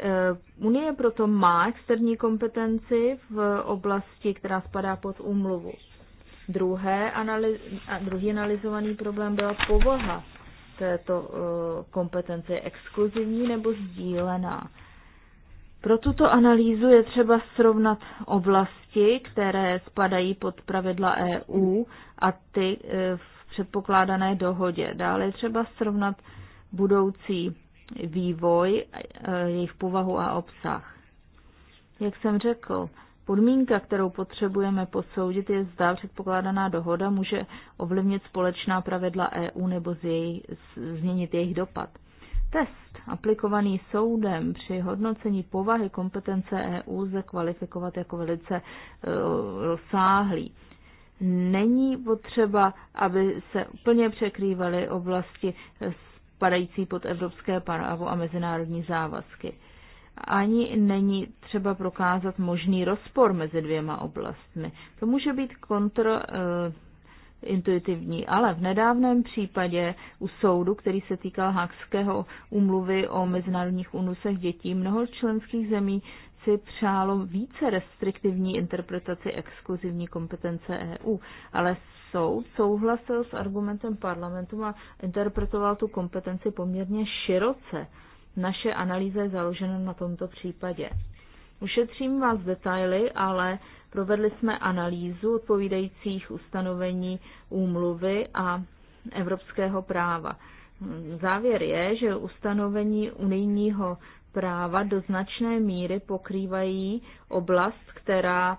E, Unie proto má externí kompetenci v oblasti, která spadá pod úmluvu. Druhé a druhý analyzovaný problém byla povaha této eh, kompetence je exkluzivní nebo sdílená. Pro tuto analýzu je třeba srovnat oblasti, které spadají pod pravidla EU a ty eh, v předpokládané dohodě. Dále je třeba srovnat budoucí vývoj, eh, jejich povahu a obsah. Jak jsem řekl, Podmínka, kterou potřebujeme posoudit, je zda předpokládaná dohoda může ovlivnit společná pravidla EU nebo z jej, změnit jejich dopad. Test aplikovaný soudem při hodnocení povahy kompetence EU se kvalifikovat jako velice uh, rozsáhlý. Není potřeba, aby se úplně překrývaly oblasti spadající pod evropské právo a mezinárodní závazky ani není třeba prokázat možný rozpor mezi dvěma oblastmi. To může být kontro eh, intuitivní, ale v nedávném případě u soudu, který se týkal Hákského umluvy o mezinárodních unusech dětí, mnoho členských zemí si přálo více restriktivní interpretaci exkluzivní kompetence EU, ale soud souhlasil s argumentem parlamentu a interpretoval tu kompetenci poměrně široce. Naše analýza je založena na tomto případě. Ušetřím vás detaily, ale provedli jsme analýzu odpovídajících ustanovení úmluvy a evropského práva. Závěr je, že ustanovení unijního práva do značné míry pokrývají oblast, která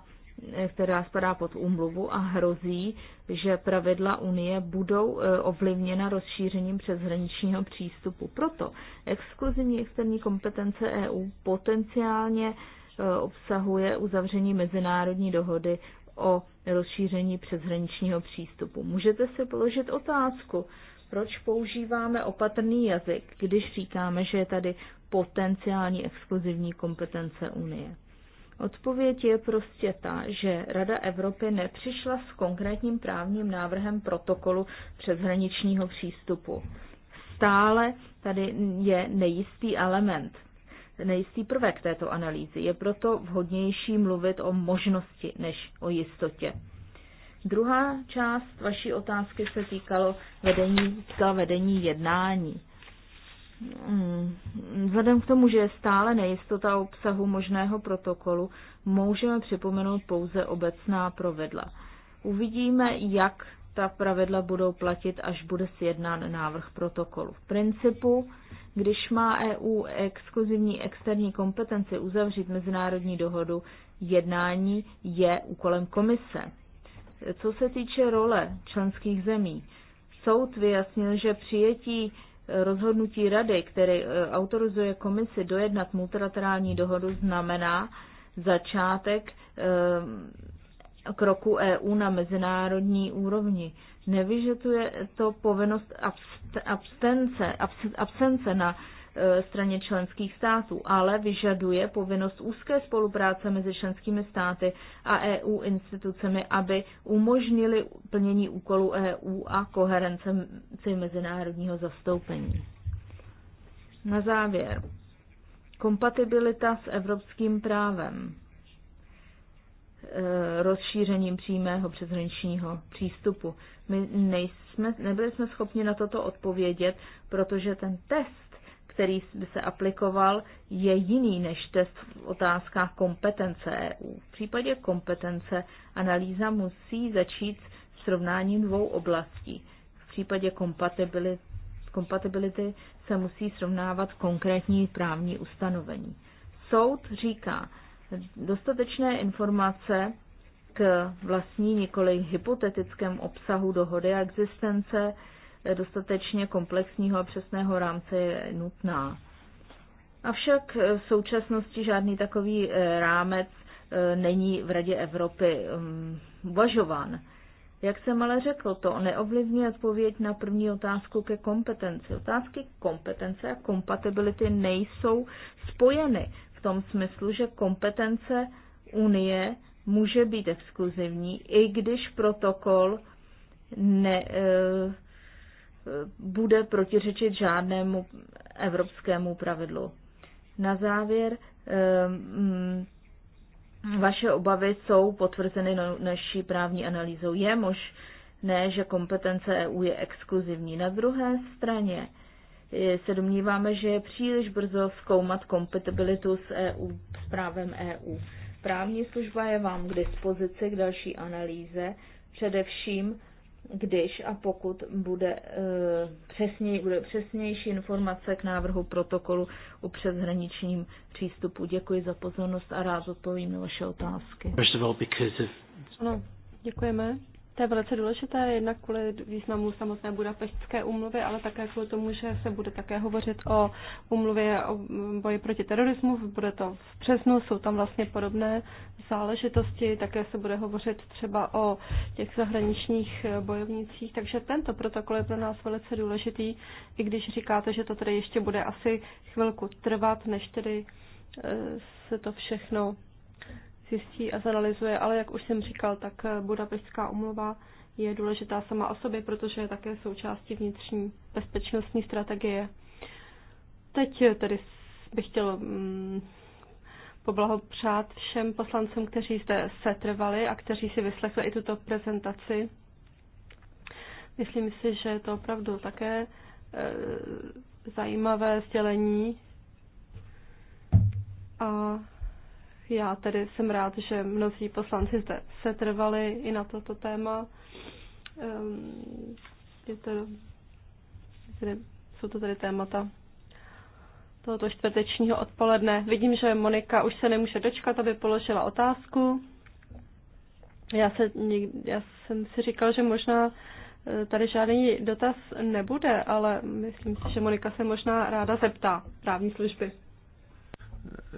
která spadá pod úmluvu a hrozí, že pravidla Unie budou eh, ovlivněna rozšířením přeshraničního přístupu. Proto exkluzivní externí kompetence EU potenciálně eh, obsahuje uzavření mezinárodní dohody o rozšíření přeshraničního přístupu. Můžete si položit otázku, proč používáme opatrný jazyk, když říkáme, že je tady potenciální exkluzivní kompetence Unie. Odpověď je prostě ta, že Rada Evropy nepřišla s konkrétním právním návrhem protokolu přeshraničního přístupu. Stále tady je nejistý element, nejistý prvek této analýzy. Je proto vhodnější mluvit o možnosti než o jistotě. Druhá část vaší otázky se týkalo vedení, týkala vedení jednání. Mm, vzhledem k tomu, že je stále nejistota obsahu možného protokolu, můžeme připomenout pouze obecná pravidla. Uvidíme, jak ta pravidla budou platit, až bude sjednán návrh protokolu. V principu, když má EU exkluzivní externí kompetenci uzavřít mezinárodní dohodu, jednání je úkolem komise. Co se týče role členských zemí, soud vyjasnil, že přijetí rozhodnutí Rady, který eh, autorizuje komisi dojednat multilaterální dohodu, znamená začátek eh, kroku EU na mezinárodní úrovni. Nevyžaduje to povinnost abstence, abstence na E, straně členských států, ale vyžaduje povinnost úzké spolupráce mezi členskými státy a EU institucemi, aby umožnili plnění úkolů EU a koherenci mezinárodního zastoupení. Na závěr. Kompatibilita s evropským právem e, rozšířením přímého přeshraničního přístupu. My nejsme, nebyli jsme schopni na toto odpovědět, protože ten test který by se aplikoval, je jiný než test v otázkách kompetence EU. V případě kompetence analýza musí začít srovnáním dvou oblastí. V případě kompatibility, kompatibility se musí srovnávat konkrétní právní ustanovení. Soud říká, dostatečné informace k vlastní nikoli hypotetickém obsahu dohody a existence dostatečně komplexního a přesného rámce je nutná. Avšak v současnosti žádný takový eh, rámec eh, není v Radě Evropy mm, uvažován. Jak jsem ale řekl, to neovlivňuje odpověď na první otázku ke kompetenci. Otázky kompetence a kompatibility nejsou spojeny v tom smyslu, že kompetence Unie může být exkluzivní, i když protokol ne, e, bude protiřečit žádnému evropskému pravidlu. Na závěr, ehm, vaše obavy jsou potvrzeny no, naší právní analýzou. Je možné, že kompetence EU je exkluzivní. Na druhé straně se domníváme, že je příliš brzo zkoumat kompatibilitu s EU, s právem EU. Právní služba je vám k dispozici k další analýze, především když a pokud bude, eh, přesněj, bude přesnější informace k návrhu protokolu o přeshraničním přístupu. Děkuji za pozornost a rád odpovím na vaše otázky. No, děkujeme. To je velice důležité, jednak kvůli významu samotné budapeštské umluvy, ale také kvůli tomu, že se bude také hovořit o umluvě o boji proti terorismu, bude to v přesnu, jsou tam vlastně podobné záležitosti, také se bude hovořit třeba o těch zahraničních bojovnicích, takže tento protokol je pro nás velice důležitý, i když říkáte, že to tedy ještě bude asi chvilku trvat, než tedy eh, se to všechno zjistí a zanalizuje, ale jak už jsem říkal, tak Budapeštská umluva je důležitá sama o sobě, protože je také součástí vnitřní bezpečnostní strategie. Teď tedy bych chtěl mm, poblahopřát všem poslancům, kteří zde setrvali a kteří si vyslechli i tuto prezentaci. Myslím si, že je to opravdu také e, zajímavé sdělení a já tedy jsem rád, že mnozí poslanci zde se trvali i na toto téma. Ehm, je to, tedy, jsou to tedy témata tohoto čtvrtečního odpoledne. Vidím, že Monika už se nemůže dočkat, aby položila otázku. Já, se, já jsem si říkal, že možná eh, tady žádný dotaz nebude, ale myslím si, že Monika se možná ráda zeptá právní služby.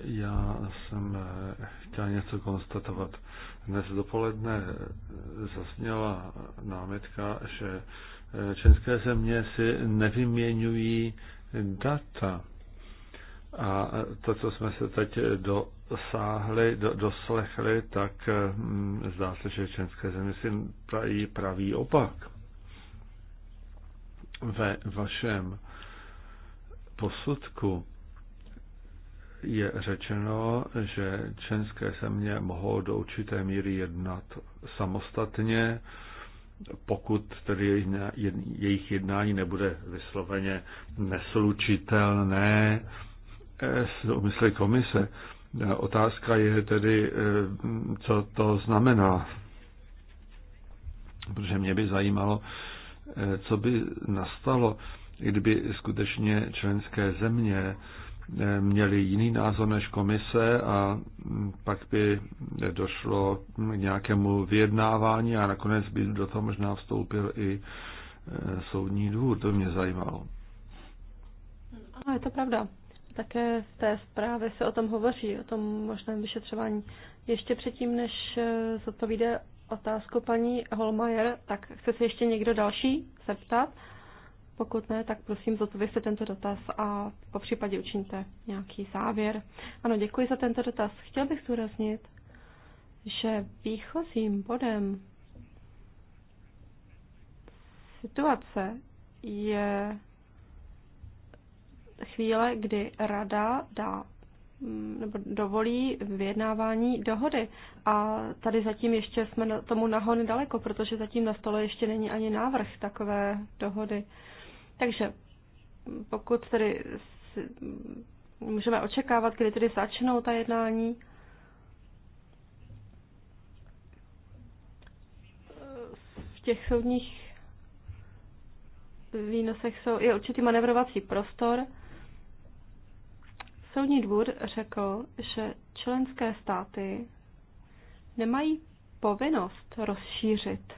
Já jsem eh, chtěl něco konstatovat. Dnes dopoledne eh, zasněla námitka, že eh, české země si nevyměňují data. A to, co jsme se teď dosáhli, do, doslechli, tak hm, zdá se, že české země si prají pravý opak. Ve vašem posudku je řečeno, že členské země mohou do určité míry jednat samostatně, pokud tedy jejich jednání nebude vysloveně neslučitelné eh, s úmysly komise. Eh, otázka je tedy, eh, co to znamená. Protože mě by zajímalo, co by nastalo, kdyby skutečně členské země měli jiný názor než komise a pak by došlo k nějakému vyjednávání a nakonec by do toho možná vstoupil i e, soudní dvůr. To mě zajímalo. Ano, je to pravda. Také v té zprávě se o tom hovoří, o tom možném vyšetřování. Ještě předtím, než e, zodpovíde otázku paní Holmajer, tak chce se ještě někdo další zeptat? Pokud ne, tak prosím zodpovězte tento dotaz a po případě učiníte nějaký závěr. Ano, děkuji za tento dotaz. Chtěl bych zúraznit, že výchozím bodem situace je chvíle, kdy rada dá nebo dovolí vyjednávání dohody. A tady zatím ještě jsme tomu nahony daleko, protože zatím na stole ještě není ani návrh takové dohody. Takže mm, pokud tedy mm, můžeme očekávat, kdy tedy začnou ta jednání, v těch soudních výnosech jsou, je určitý manevrovací prostor. Soudní dvůr řekl, že členské státy nemají povinnost rozšířit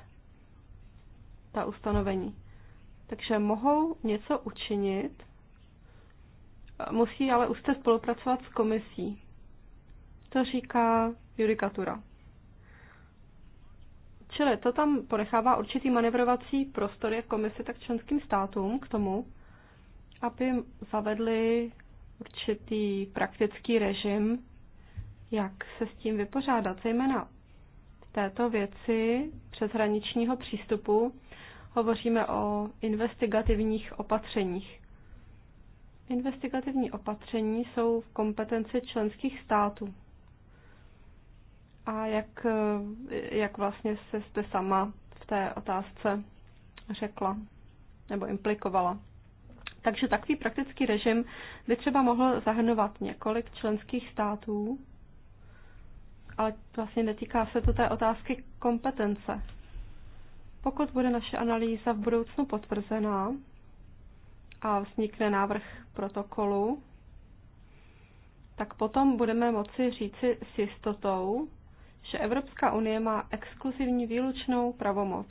ta ustanovení takže mohou něco učinit, musí ale úzce spolupracovat s komisí. To říká judikatura. Čili to tam ponechává určitý manevrovací prostor jak komisi, tak členským státům k tomu, aby zavedli určitý praktický režim, jak se s tím vypořádat, zejména v této věci přeshraničního přístupu hovoříme o investigativních opatřeních. Investigativní opatření jsou v kompetenci členských států. A jak, jak vlastně se jste sama v té otázce řekla nebo implikovala. Takže takový praktický režim by třeba mohl zahrnovat několik členských států, ale vlastně netýká se to té otázky kompetence pokud bude naše analýza v budoucnu potvrzená a vznikne návrh protokolu, tak potom budeme moci říci s jistotou, že Evropská unie má exkluzivní výlučnou pravomoc.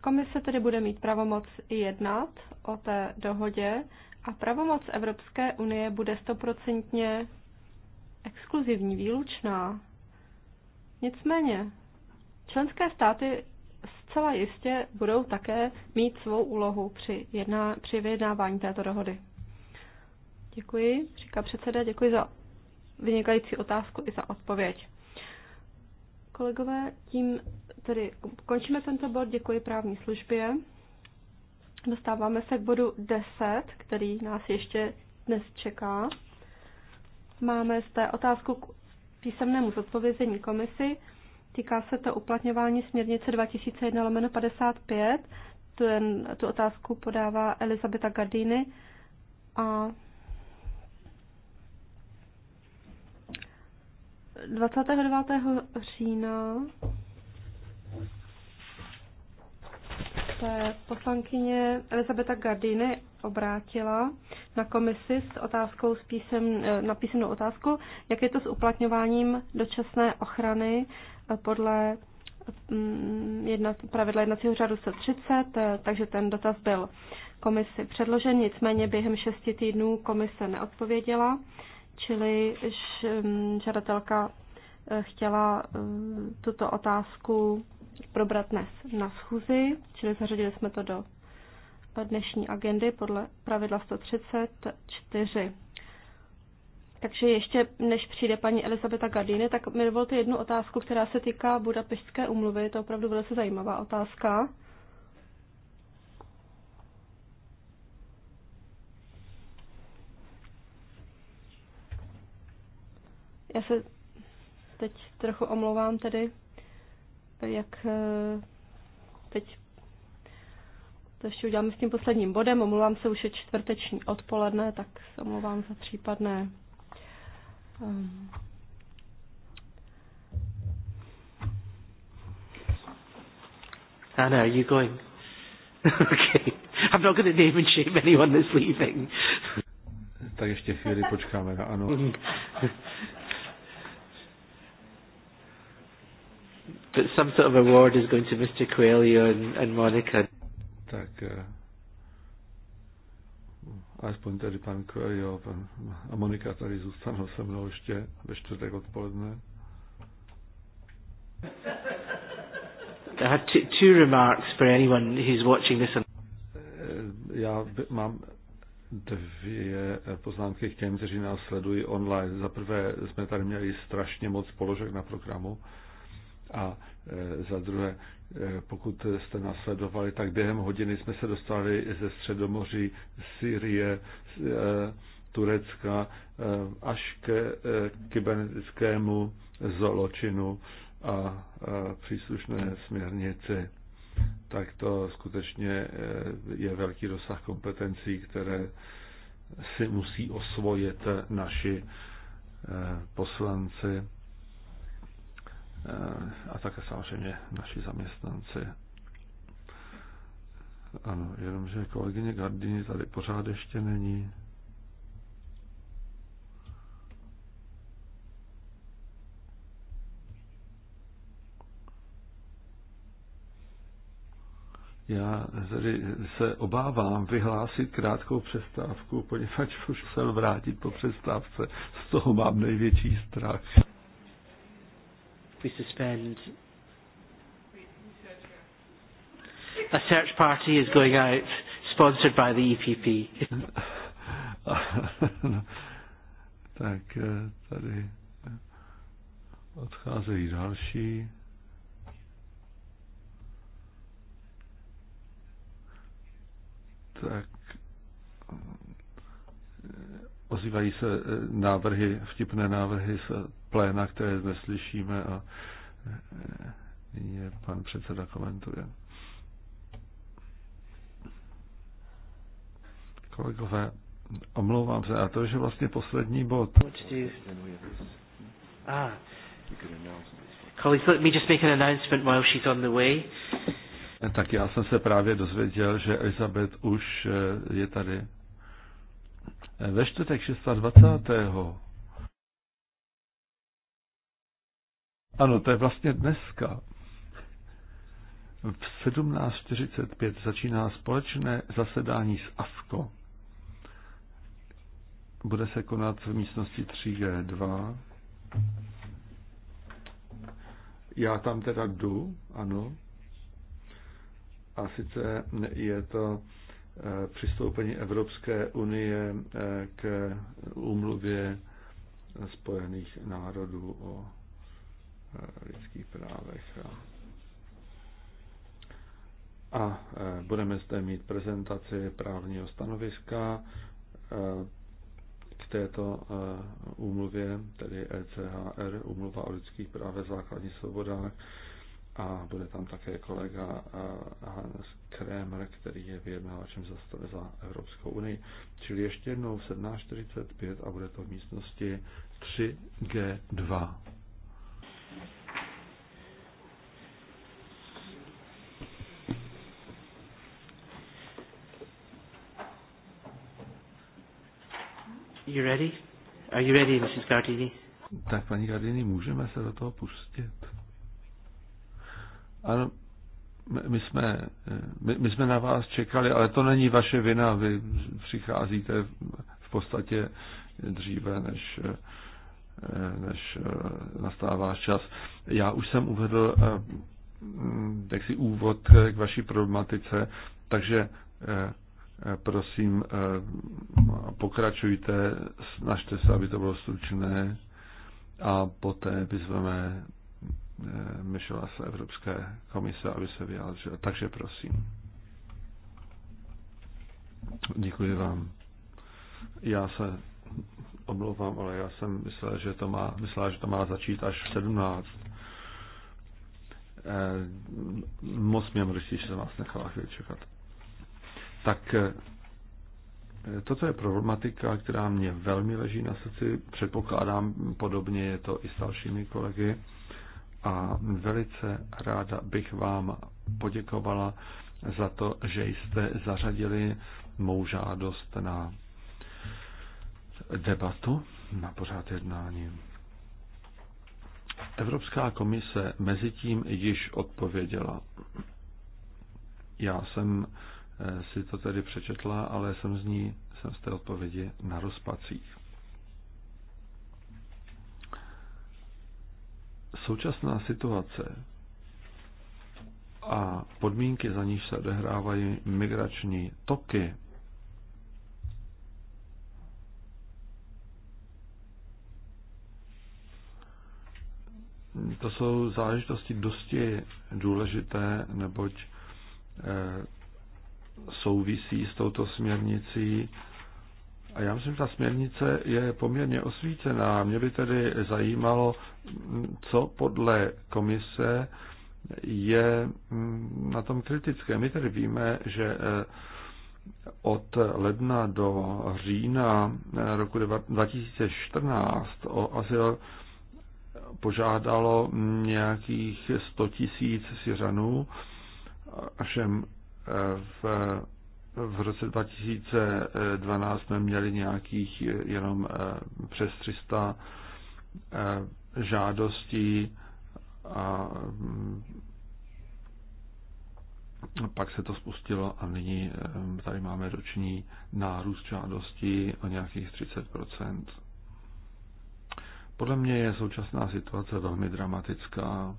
Komise tedy bude mít pravomoc jednat o té dohodě a pravomoc Evropské unie bude stoprocentně exkluzivní, výlučná. Nicméně, členské státy zcela jistě budou také mít svou úlohu při, jedná, při vyjednávání této dohody. Děkuji, říká předseda, děkuji za vynikající otázku i za odpověď. Kolegové, tím tedy končíme tento bod, děkuji právní službě. Dostáváme se k bodu 10, který nás ještě dnes čeká. Máme zde otázku k písemnému zodpovězení komisi. Týká se to uplatňování směrnice 2001-55. jen, tu otázku podává Elizabeta Gardini a 29. října se poslankyně Elizabeta Gardiny obrátila na komisi s otázkou s písem, eh, na písemnou otázku, jak je to s uplatňováním dočasné ochrany eh, podle mm, jedna, pravidla jednacího řádu 130, eh, takže ten dotaz byl komisi předložen, nicméně během šesti týdnů komise neodpověděla, čili mm, žadatelka chtěla tuto otázku probrat dnes na schůzi, čili zařadili jsme to do dnešní agendy podle pravidla 134. Takže ještě než přijde paní Elizabeta Gardiny, tak mi dovolte jednu otázku, která se týká Budapeštské umluvy. Je to opravdu velice zajímavá otázka. Já se teď trochu omlouvám tedy jak eh, teď to ještě uděláme s tím posledním bodem. Omlouvám se, už je čtvrteční odpoledne, tak se omlouvám za případné um, Anna, are you going? okay. I'm not going to name and shame anyone that's leaving. tak ještě chvíli počkáme na but some sort of award is going to Mr. Coelho and, and Monica. Tak, uh, aspoň tedy pan Coelho pan, a Monika tady zůstanou se mnou ještě ve čtvrtek odpoledne. I had two, two remarks for anyone who's watching this. On... Eh, já mám dvě poznámky k těm, kteří nás sledují online. Za prvé jsme tady měli strašně moc položek na programu. Uh, a e, za druhé, e, pokud jste nasledovali, tak během hodiny jsme se dostali ze Středomoří, Syrie, e, Turecka až ke kybernetickému zločinu a příslušné směrnici. Tak to skutečně je velký rozsah kompetencí, které si musí osvojit naši poslanci. Eh, a také samozřejmě naši zaměstnanci. Ano, jenomže kolegyně Gardini tady pořád ještě není. Já tedy se obávám vyhlásit krátkou přestávku, poněvadž už se vrátit po přestávce. Z toho mám největší strach we suspend. A search party is going out, sponsored by the EPP. tak eh, tady odcházejí další. Tak eh, ozývají se eh, návrhy, vtipné návrhy se pléna, které zde slyšíme a eh, je pan předseda komentuje. Kolegové, omlouvám se, a to je vlastně poslední bod. Ah. me just make an announcement while she's on the way. Tak já jsem se právě dozvěděl, že Elizabeth už eh, je tady. Eh, ve čtvrtek 26. Ano, to je vlastně dneska. V 17.45 začíná společné zasedání s AFKO. Bude se konat v místnosti 3G2. Já tam teda jdu, ano. A sice je to eh, přistoupení Evropské unie eh, k úmluvě Spojených národů o Eh, lidských právech. A, a eh, budeme zde mít prezentaci právního stanoviska eh, k této úmluvě, tedy ECHR, úmluva o lidských právech základních svobodách. A bude tam také kolega Hans Kremer, který je vyjednávačem za, za Evropskou unii. Čili ještě jednou 17.45 a bude to v místnosti 3G2. You ready? Are you ready, Mrs. Gardini? Tak, paní Gardini, můžeme se do toho pustit? Ano, my jsme, my, my jsme na vás čekali, ale to není vaše vina. Vy přicházíte v podstatě dříve, než, než nastává čas. Já už jsem uvedl eh, jaksi úvod k vaší problematice, takže eh, Prosím, eh, pokračujte, snažte se, aby to bylo stručné a poté vyzveme eh, Michela se Evropské komise, aby se vyjádřila. Takže prosím. Děkuji vám. Já se omlouvám, ale já jsem myslel, že to má, myslel, že to má začít až v 17. Eh, moc mě mrzí, že jsem vás nechala chvíli čekat tak toto eh, je problematika, která mě velmi leží na srdci. Předpokládám, podobně je to i s dalšími kolegy. A velice ráda bych vám poděkovala za to, že jste zařadili mou žádost na debatu, na pořád jednání. Evropská komise mezi tím, již odpověděla. Já jsem Eh, si to tedy přečetla, ale jsem z ní, jsem z té odpovědi na rozpacích. Současná situace a podmínky, za níž se odehrávají migrační toky, to jsou záležitosti dosti důležité, neboť eh, souvisí s touto směrnicí. A já myslím, že ta směrnice je poměrně osvícená. Mě by tedy zajímalo, co podle komise je mm, na tom kritické. My tedy víme, že eh, od ledna do října eh, roku 2014 o azyl požádalo nějakých 100 tisíc Syřanů, všem v, v roce 2012 jsme měli nějakých jenom eh, přes 300 eh, žádostí a mm, pak se to spustilo a nyní eh, tady máme roční nárůst žádostí o nějakých 30 podle mě je současná situace velmi dramatická.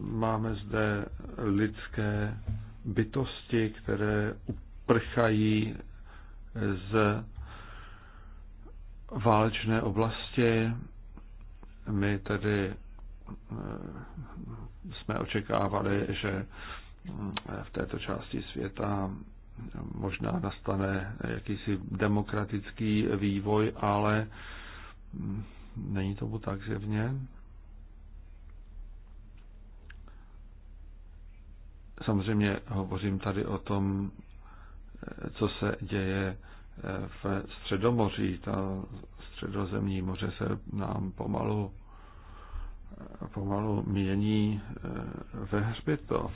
máme zde lidské bytosti, které uprchají z válečné oblasti. My tedy eh, jsme očekávali, že eh, v této části světa možná nastane jakýsi demokratický vývoj, ale mm, není tomu tak zjevně. Samozřejmě hovořím tady o tom, co se děje v Středomoří. Ta středozemní moře se nám pomalu, pomalu mění ve hřbitov.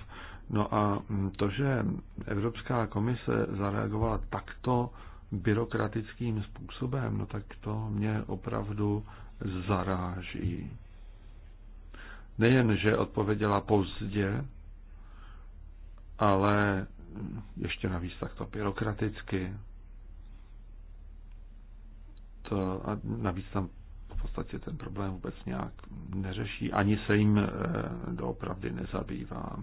No a to, že Evropská komise zareagovala takto byrokratickým způsobem, no tak to mě opravdu zaráží. Nejen, že odpověděla pozdě, ale ještě navíc takto byrokraticky. To, a navíc tam v podstatě ten problém vůbec nějak neřeší, ani se jim eh, doopravdy nezabývá.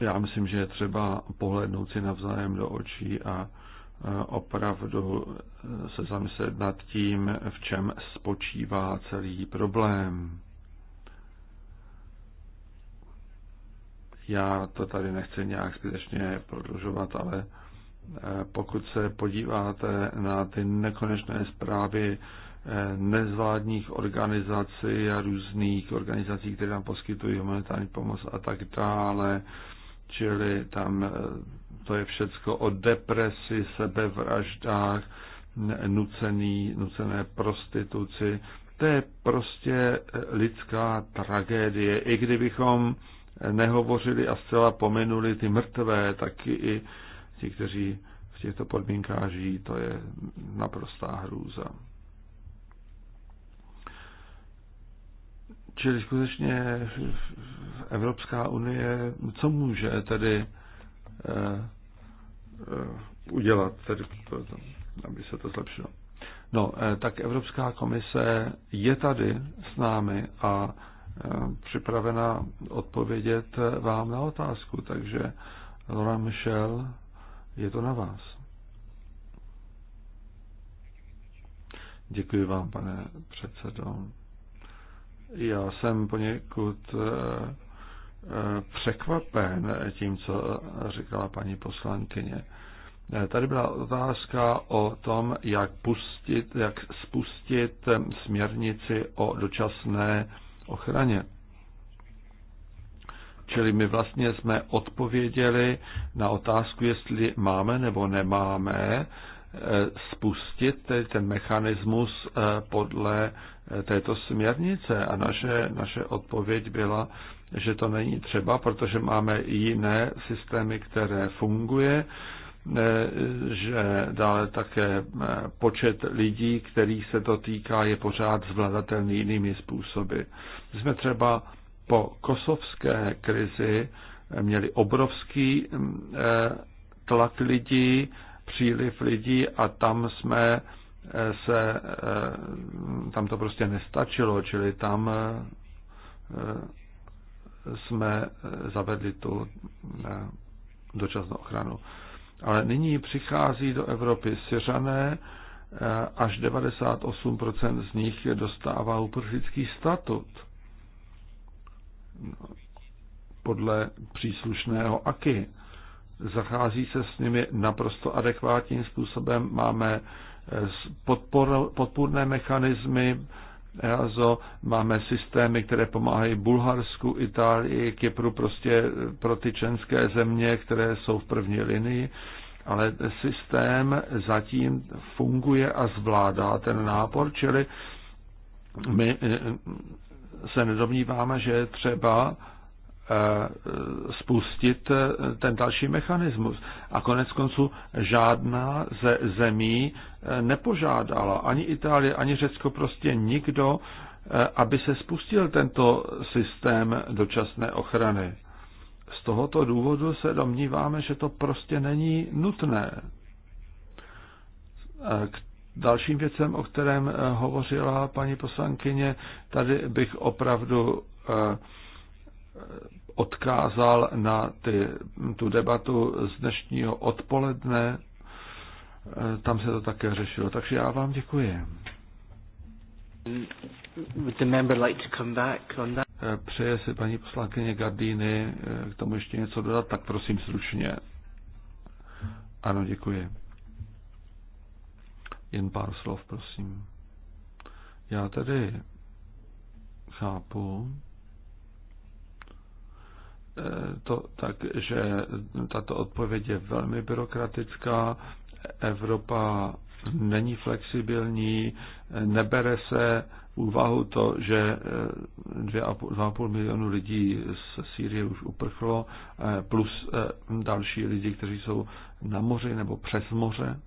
Já myslím, že je třeba pohlednout si navzájem do očí a eh, opravdu eh, se zamyslet nad tím, v čem spočívá celý problém. Já to tady nechci nějak zbytečně prodlužovat, ale eh, pokud se podíváte na ty nekonečné zprávy eh, nezvládních organizací a různých organizací, které nám poskytují humanitární pomoc a tak dále, čili tam eh, to je všecko o depresi, sebevraždách, nucený, nucené prostituci. To je prostě lidská tragédie. I kdybychom nehovořili a zcela pominuli ty mrtvé, taky i ti, kteří v těchto podmínkách žijí, to je naprostá hrůza. Čili skutečně Evropská unie, co může tedy eh, eh, udělat, tedy, aby se to zlepšilo? No, eh, tak Evropská komise je tady s námi a Eh, připravena odpovědět vám na otázku, takže Laura Michel, je to na vás. Děkuji vám, pane předsedo. Já jsem poněkud eh, eh, překvapen tím, co říkala paní poslankyně. Tady byla otázka o tom, jak, pustit, jak spustit směrnici o dočasné ochraně. Čili my vlastně jsme odpověděli na otázku, jestli máme nebo nemáme eh, spustit ten mechanismus eh, podle eh, této směrnice. A naše, naše odpověď byla, že to není třeba, protože máme jiné systémy, které funguje, že dále také eh, počet lidí, kterých se to týká, je pořád zvladatelný jinými způsoby. My jsme třeba po kosovské krizi eh, měli obrovský mm, eh, tlak lidí, příliv lidí a tam jsme se, tam to prostě nestačilo, čili tam jsme zavedli tu dočasnou ochranu. Ale nyní přichází do Evropy Syřané, eh, až 98% z nich dostává uprchlický statut no, podle příslušného AKY. Zachází se s nimi naprosto adekvátním způsobem. Máme eh, podporné podpůrné mechanismy, EASO, máme systémy, které pomáhají Bulharsku, Itálii, Kypru, prostě pro ty členské země, které jsou v první linii, ale systém zatím funguje a zvládá ten nápor, čili my eh, se nedomníváme, že je třeba Eh, spustit eh, ten další mechanismus. A konec konců žádná ze zemí eh, nepožádala, ani Itálie, ani Řecko, prostě nikdo, aby se spustil tento systém dočasné ochrany. Z tohoto důvodu se domníváme, že to prostě není nutné. K dalším věcem, o kterém hovořila paní poslankyně, tady bych opravdu odkázal na ty, tu debatu z dnešního odpoledne. E, tam se to také řešilo. Takže já vám děkuji. E, přeje si paní poslankyně Gardíny e, k tomu ještě něco dodat, tak prosím stručně. Ano, děkuji. Jen pár slov, prosím. Já tedy chápu, Eh, to tak, že tato odpověď je velmi byrokratická. Evropa není flexibilní, nebere se úvahu to, že 2,5 eh, milionu lidí z Sýrie už uprchlo, eh, plus další lidi, kteří jsou na moři nebo přes moře.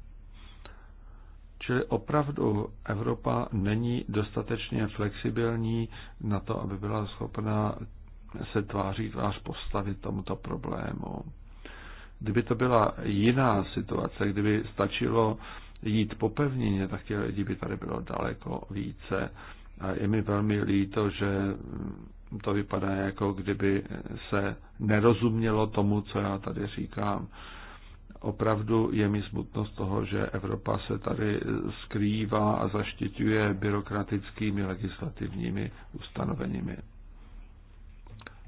Čili opravdu Evropa není dostatečně flexibilní na to, aby byla schopna se tváří tvář postavit tomuto problému. Kdyby to byla jiná situace, kdyby stačilo jít po pevnině, tak těch lidí by tady bylo daleko více. A je mi velmi líto, že to vypadá jako kdyby se nerozumělo tomu, co já tady říkám. Opravdu je mi smutnost toho, že Evropa se tady skrývá a zaštiťuje byrokratickými legislativními ustanoveními.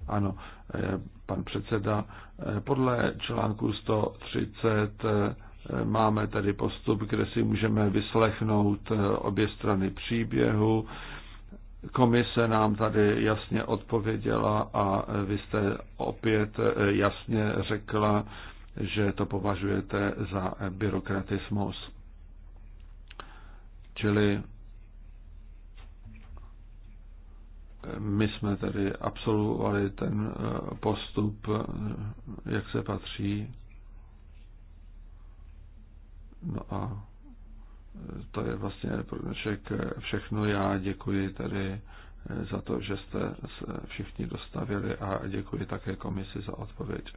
Ano, eh, pan předseda, eh, podle článku 130 eh, máme tady postup, kde si můžeme vyslechnout obě strany příběhu. Komise nám tady jasně odpověděla a vy jste opět jasně řekla, že to považujete za byrokratismus. Čili My jsme tedy absolvovali ten eh, postup, eh, jak se patří. No a eh, to je vlastně pro dnešek všechno. Já děkuji tedy za to, že jste se všichni dostavili a děkuji také komisi za odpověď.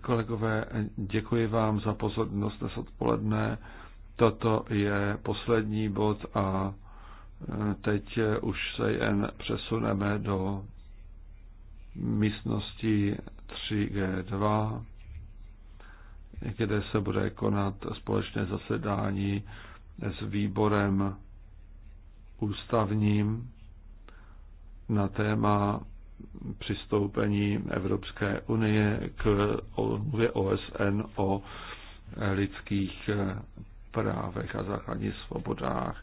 Kolegové, děkuji vám za pozornost dnes odpoledne. Toto je poslední bod a Teď už se jen přesuneme do místnosti 3G2, kde se bude konat společné zasedání s výborem ústavním na téma přistoupení Evropské unie k OSN o lidských právech a základních svobodách.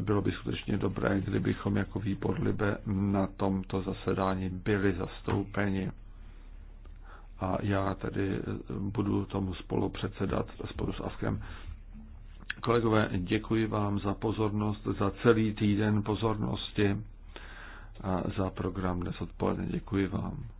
Bylo by skutečně dobré, kdybychom jako výbor Libe na tomto zasedání byli zastoupeni. A já tedy eh, budu tomu spolu předsedat spolu s Avkem. Kolegové, děkuji vám za pozornost, za celý týden pozornosti a za program dnes odpoledne. Děkuji vám.